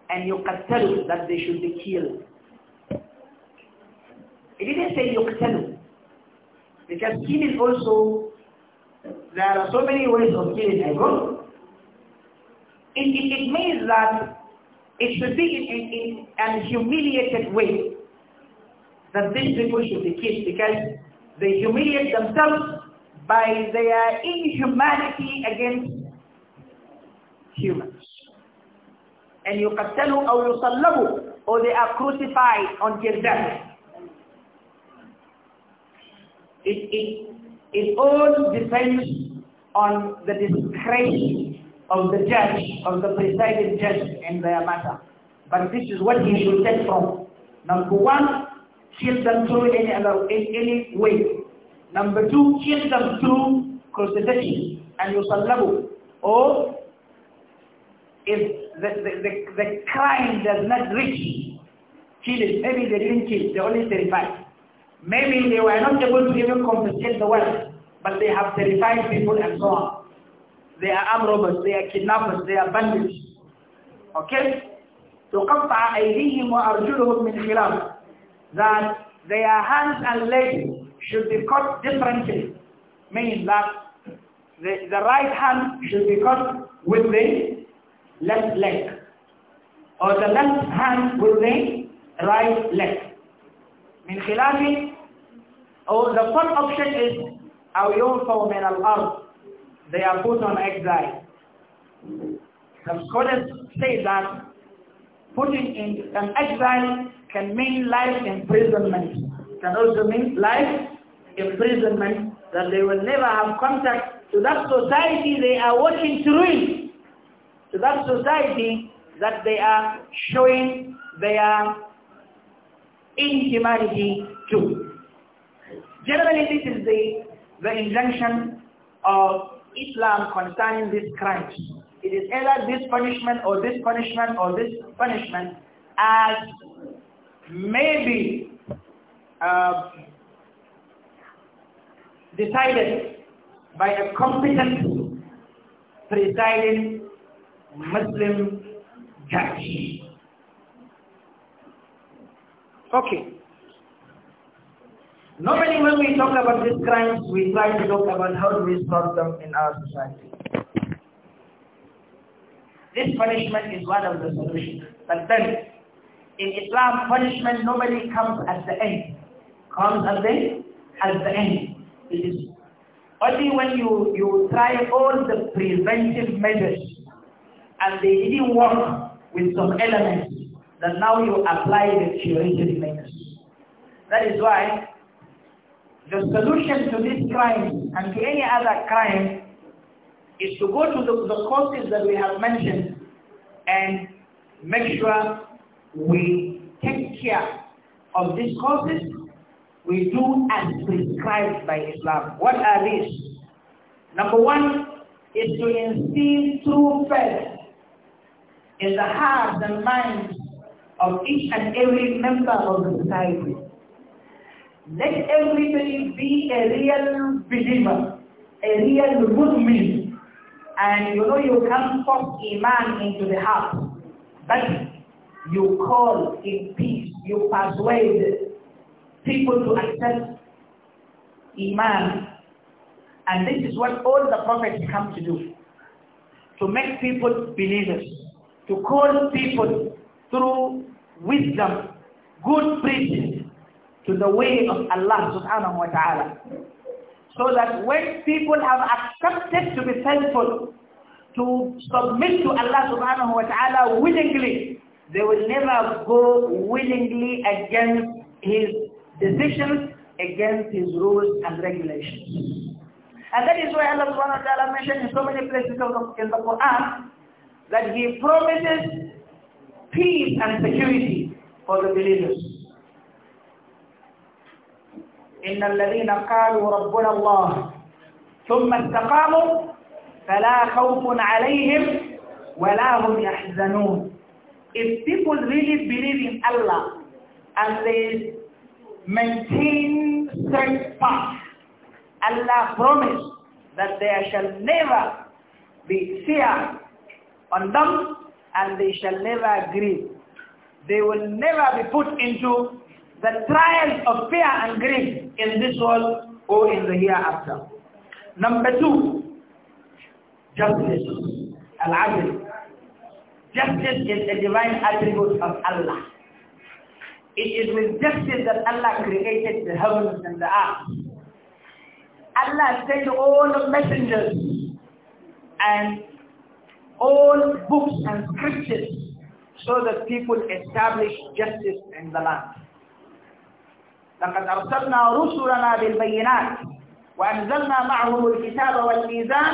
and you can tell that they should be killed. It didn't say yuqtalu. Because killing also, there are so many ways of killing a goat. It, it, it means that it should be in, in, in an humiliated way that these people should be killed because they humiliate themselves by their inhumanity against humans. And you يقتلوا أو يصلبوا or they are crucified on until death. It, it, it all depends on the discretion of the judge, of the presiding judge in their matter. But this is what he should take from. Number one, kill them through any, in any way. Number two, kill them through crucifixion and yusallabu. Or if the, the, the, the crime does not reach, kill it. Maybe they didn't kill, they only terrified. Maybe they were not able to even compensate the wealth, but they have terrified people and so on. They are armed robbers, they are kidnappers, they are bandits. Okay? So تقطع أيديهم وأرجلهم من خلاف that their hands and legs should be cut differently meaning that the, the right hand should be cut with the left leg or the left hand with the right leg من خلاف or oh, the fourth option is أو ينفوا من الأرض they are put on exile some scholars say that putting in an exile can mean life imprisonment can also mean life imprisonment that they will never have contact to that society they are working to to that society that they are showing their in humanity too. Generally, this is the, the injunction of Islam concerning these crimes. It is either this punishment or this punishment or this punishment as maybe uh, decided by a competent presiding Muslim judge. Okay. Normally when we talk about these crimes, we try to talk about how do we solve them in our society. This punishment is one of the solutions. But then, in Islam, punishment normally comes at the end. Comes at the, at the end. It is only when you, you try all the preventive measures and they didn't work with some elements, that now you apply the theoretical methods. That is why the solution to this crime and to any other crime is to go to the, the courses that we have mentioned and make sure we take care of these courses we do as prescribed by Islam. What are these? Number one is to instill true faith in the hearts and minds of each and every member of the society. Let everybody be a real believer, a real Muslim, and you know you can't force Iman into the heart, but you call in peace, you persuade people to accept Iman. And this is what all the prophets come to do, to make people believers, to call people through wisdom, good preaching to the way of Allah subhanahu wa ta'ala. So that when people have accepted to be thankful, to submit to Allah subhanahu wa ta'ala willingly, they will never go willingly against his decisions, against his rules and regulations. And that is why Allah subhanahu wa ta'ala mentioned in so many places in the Quran that he promises peace and security for the believers. إن الذين قالوا ربنا الله ثم استقاموا فلا خوف عليهم ولا هم يحزنون If people really believe in Allah and they maintain straight path, Allah promised that there shall never be fear on them and they shall never grieve. They will never be put into the trials of fear and grief in this world or in the hereafter. Number two, justice. Al-Adil. Justice is a divine attribute of Allah. It is with justice that Allah created the heavens and the earth. Allah sent all the messengers and all books and scriptures so that people establish justice in the land. لقد أرسلنا رسلنا بالبينات وأنزلنا معهم الكتاب والميزان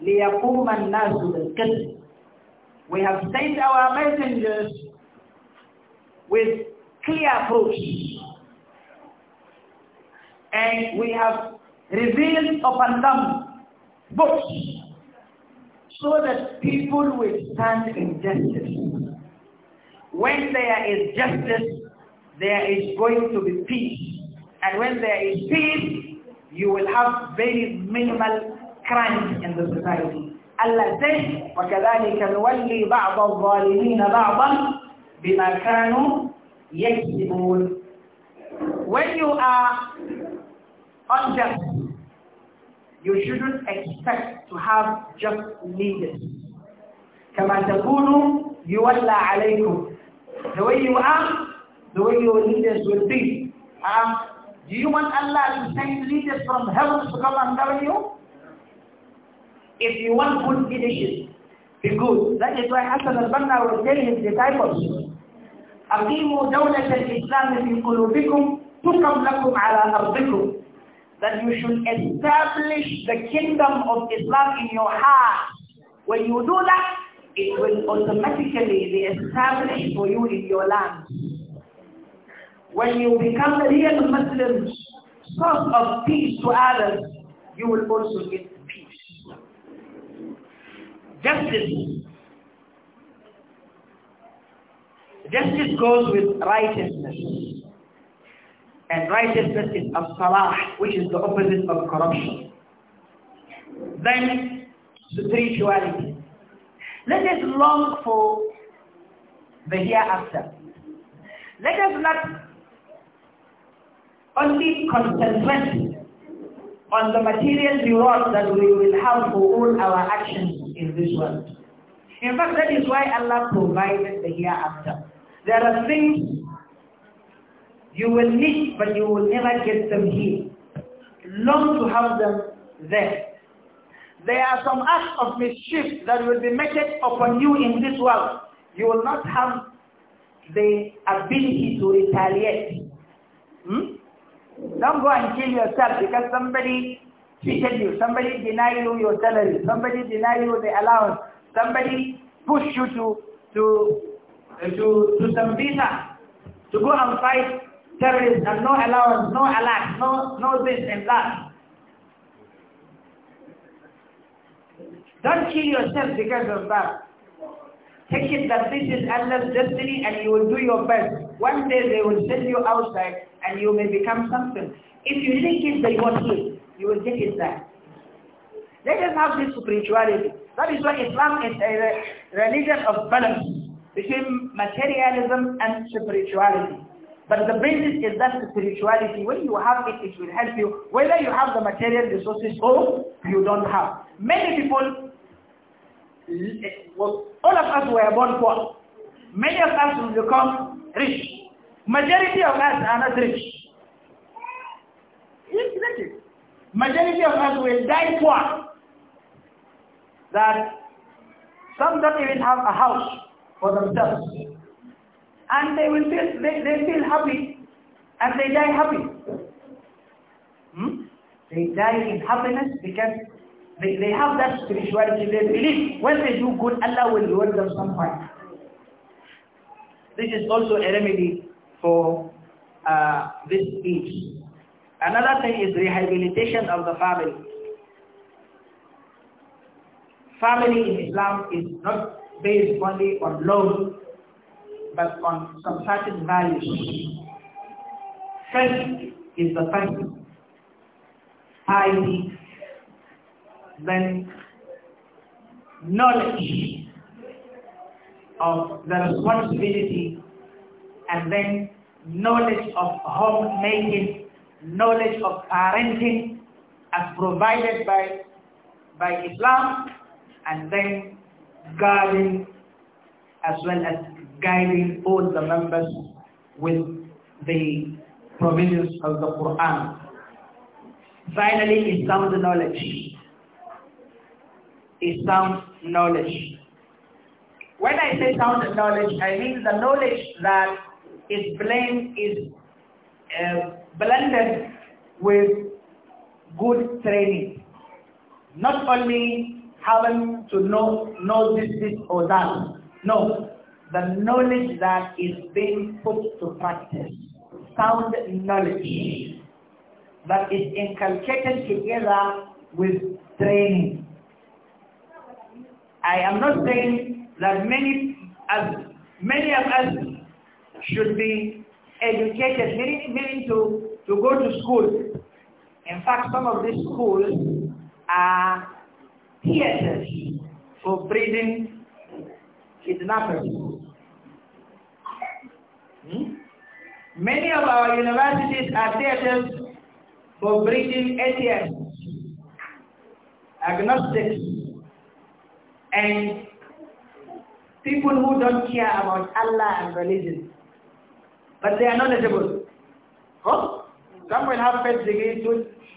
ليقوم الناس بالقسط. We have sent our messengers with clear proofs and we have revealed upon them books so that people will stand in justice. When there is justice, there is going to be peace. And when there is peace, you will have very minimal crimes in the society. Allah says, وَكَذَلِكَ نُوَلِّي بَعْضَ الظَّالِمِينَ بَعْضًا بِمَا كَانُوا يَكْسِبُونَ When you are unjust, you shouldn't expect to have just leaders. كما تقول يولى عليكم. The way you are, the way your leaders will be. Uh, ah, do you want Allah to send leaders from heaven to come and govern you? If you want good leadership, be good. That is why Hassan al-Banna was telling his disciples, أقيموا دولة الإسلام في قلوبكم تقم لكم على أرضكم that you should establish the kingdom of Islam in your heart. When you do that, it will automatically be established for you in your land. When you become a real Muslim, source of peace to others, you will also get peace. Justice. Justice goes with righteousness. And righteousness is as-salah, which is the opposite of corruption. Then, spirituality. Let us long for the hereafter. Let us not only concentrate on the material reward that we will have for all our actions in this world. In fact, that is why Allah provided the hereafter. There are things you will need, but you will never get them here. Long to have them there. There are some acts of mischief that will be meted upon you in this world. You will not have the ability to retaliate. Hmm? Don't go and kill yourself because somebody cheated you, somebody denied you your salary, somebody denied you the allowance, somebody pushed you to to to, to some visa to go and fight terrorists and no allowance, no allowance, no, no this and that. Don't kill yourself because of that. Take it that this is Allah's destiny and you will do your best. One day they will send you outside and you may become something. If you think it, they won't heal. You will get it there. Let us have this spirituality. That is why Islam is a religion of balance between materialism and spirituality. But the basis is that spirituality. When you have it, it will help you, whether you have the material resources or you don't have. Many people, all of us were born poor. Many of us will become rich. Majority of us are not rich. not Majority of us will die poor. That some don't even have a house for themselves and they will feel they, they feel happy and they die happy. Hmm? They die in happiness because they, they have that spirituality, they believe when they do good, Allah will reward them some time. This is also a remedy for uh, this age. Another thing is rehabilitation of the family. Family in Islam is not based only on love but on some certain values. First is the person. I then knowledge of the responsibility and then knowledge of homemaking, knowledge of parenting as provided by, by Islam and then guarding as well as guiding all the members with the provisions of the Quran. Finally, is sound knowledge. Is sound knowledge. When I say sound knowledge, I mean the knowledge that is blend is uh, blended with good training. Not only having to know know this, this or that. No, the knowledge that is being put to practice, sound knowledge that is inculcated together with training. I am not saying that many as many of us should be educated, meaning, meaning to, to go to school. In fact, some of these schools are theaters for breeding kidnappers. Many of our universities are theaters for breeding atheists, agnostics, and people who don't care about Allah and religion. But they are knowledgeable. Huh? Some will have first degree,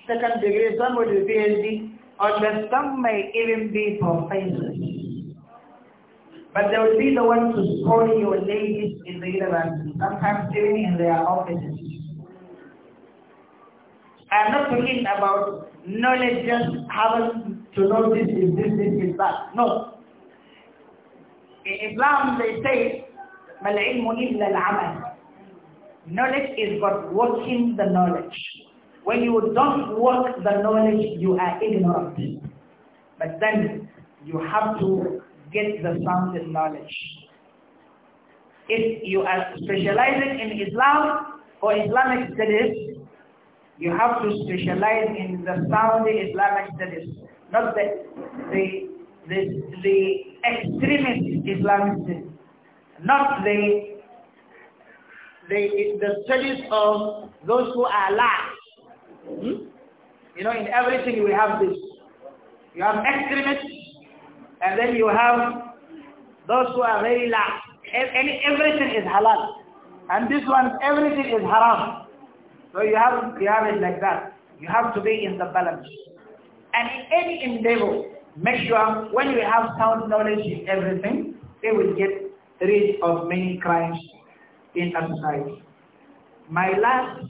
second degree, some will be PhD, or some may even be professors. But they will be the ones to scorn your ladies in the university, sometimes even in their offices. I'm not talking about knowledge just having to know this is this, this is that. No. In Islam they say, مَلْعِلْمُ إِلَّا الْعَمَلِ Knowledge is but working the knowledge. When you don't work the knowledge, you are ignorant. But then you have to get the sounding knowledge. If you are specializing in Islam or Islamic studies, you have to specialize in the sound Islamic studies, not the, the, the, the extremist Islamic studies, not the, the, the studies of those who are lax. Hmm? You know, in everything we have this. You have extremists, and then you have those who are very lax. Any, everything is halal. And this one, everything is haram. So you have, you have it like that. You have to be in the balance. And in any endeavor, make sure when you have sound knowledge in everything, they will get rid of many crimes in our society. My last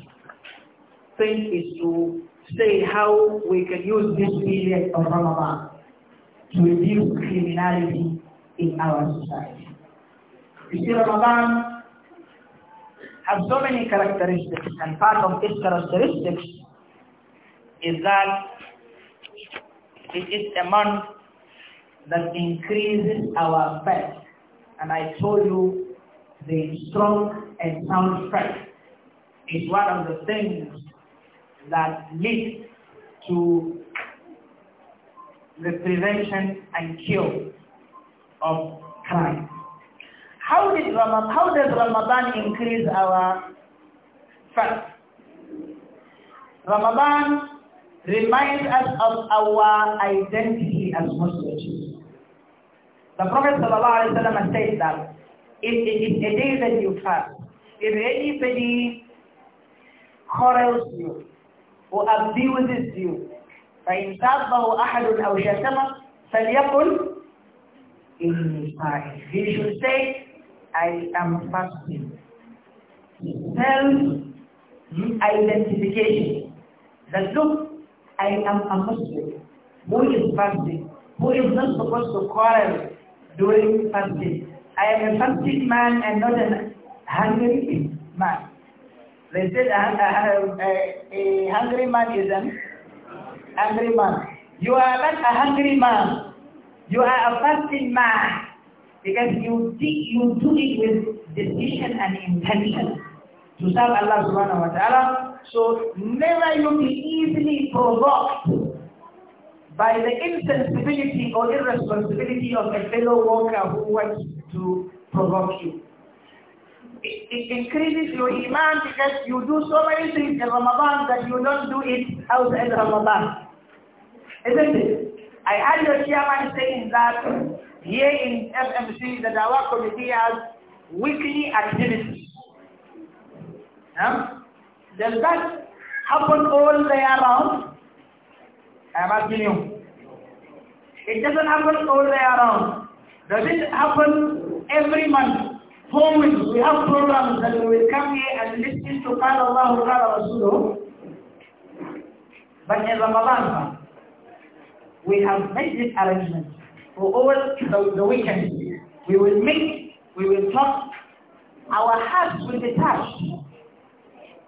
thing is to say how we can use this period of Ramadan to reduce criminality in our society. You see, Ramadan has so many characteristics, and part of its characteristics is that it is a month that increases our faith. And I told you the strong and sound faith is one of the things that leads to the prevention and cure of crime. How, did Ramadan, how does Ramadan increase our fast? Ramadan reminds us of our identity as Muslims. The Prophet ﷺ said that if it is a day that you fast, if anybody quarrels you or abuses you فإن أحد أو فليقل إني صائم He should say I am fasting. Self-identification. That look, I am a Muslim who is fasting, who is not supposed to quarrel during fasting. I am a fasting man and not a hungry man. They said a, a, a, a hungry man is an Angry man. You are not a hungry man. You are a fasting man. Because you, you do it with decision and intention to serve Allah subhanahu wa ta'ala. So never you be easily provoked by the insensibility or irresponsibility of a fellow worker who wants to provoke you it, increases your iman because you do so many things in Ramadan that you don't do it outside Ramadan. Isn't it? I had your chairman saying that here in FMC, the our committee has weekly activities. Huh? Does that happen all the year I'm asking you. It doesn't happen all the year Does it happen every month? four weeks, we have programs that we will come here and listen to Qala Allahu Qala Rasuluh. But in Ramadan, we have made this arrangement for all the, the weekend. We will meet, we will talk, our hearts will be touched.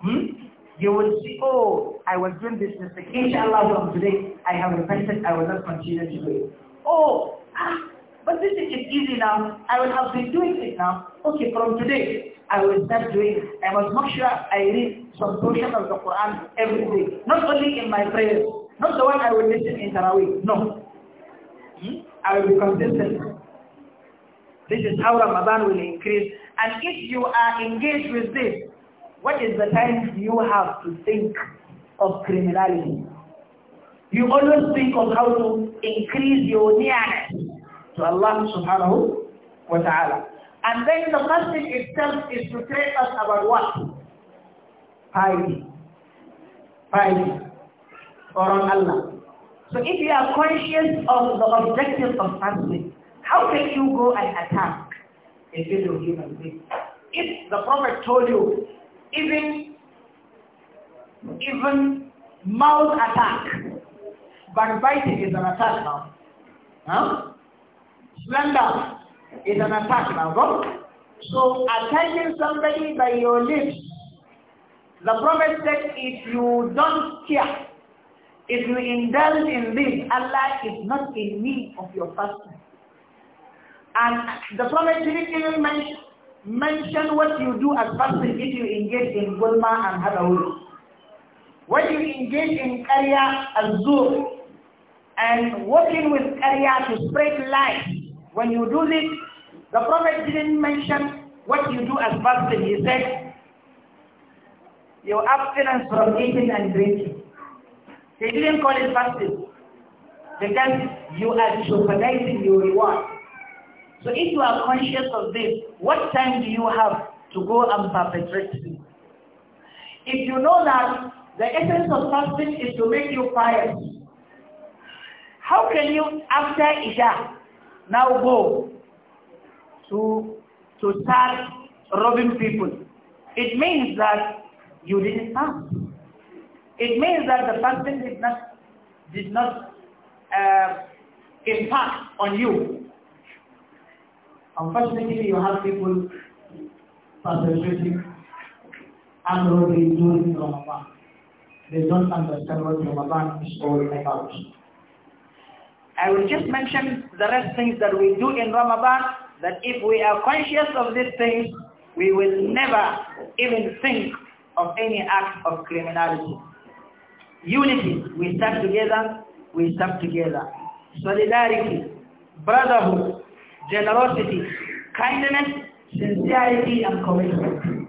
Hmm? You will see, oh, I was doing this mistake. Inshallah, from today, I have repented, I will not continue to do it. Oh, ah, but this is easy now. I will have been doing it now. Okay, from today, I will start doing it. I must make sure I read some portion of the Quran every day. Not only in my prayers. Not the one I will listen in Taraweeh. No. Hmm? I will be consistent. This is how Ramadan will increase. And if you are engaged with this, what is the time you have to think of criminality? You always think of how to increase your nearness to Allah subhanahu wa ta'ala. And then the masjid itself is to tell us about what? Piety. Piety. Or on Allah. So if you are conscious of the objective of fasting, how can you go and attack a fellow human being? If the Prophet told you, even, even mouth attack, backbiting is an attack now. Huh? Slander is an attack now, God. So attacking somebody by your lips, the Prophet said, if you don't care, if you indulge in this, Allah is not in need of your fasting. And the Prophet didn't even mention, mention what you do as fasting if you engage in gulma and hadawul. When you engage in karya azur and working with karya to spread light when you do this, the Prophet didn't mention what you do as fasting. He said, your abstinence from eating and drinking. They didn't call it fasting because you are jeopardizing your reward. So if you are conscious of this, what time do you have to go and perpetrate sin? If you know that the essence of fasting is to make you pious, how can you, after Isha, now go to, to start robbing people. It means that you didn't fast. It means that the fasting did not, did not uh, impact on you. Unfortunately, you have people perpetrating armed robbery during Ramadan. They don't understand what Ramadan is all about. I will just mention the rest things that we do in Ramadan, that if we are conscious of these things, we will never even think of any act of criminality. Unity, we stand together, we stand together. Solidarity, brotherhood, generosity, kindness, sincerity and commitment.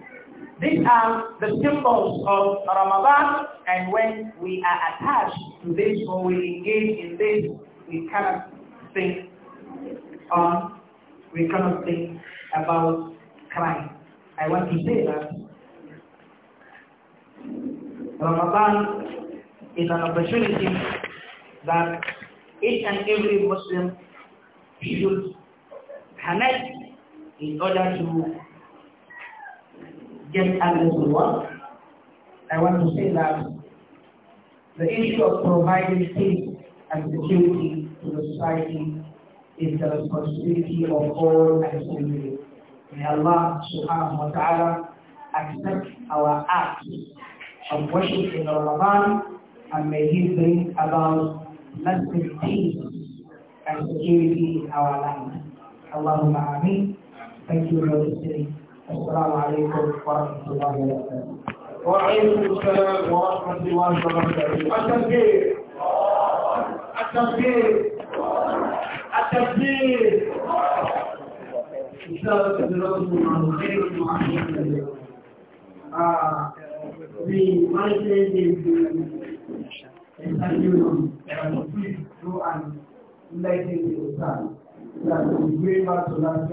These are the symbols of Ramadan and when we are attached to this or we engage in this, we cannot think on, we cannot think about crime. I want to say that Ramadan is an opportunity that each and every Muslim should connect in order to get under the work. I want to say that the issue of providing peace and security to the society is the responsibility of all and everyone. May Allah subhanahu wa ta'ala accept our acts of worship in Ramadan and may He bring about lasting peace and security in our land. Allahumma ameen. Thank you for listening. Assalamu alaikum wa rahmatullahi wa barakatuh. وعليكم السلام ورحمة الله وبركاته. أشكر التكبير التكبير إن شاء الله تدرسوا مع الخير المعين We might say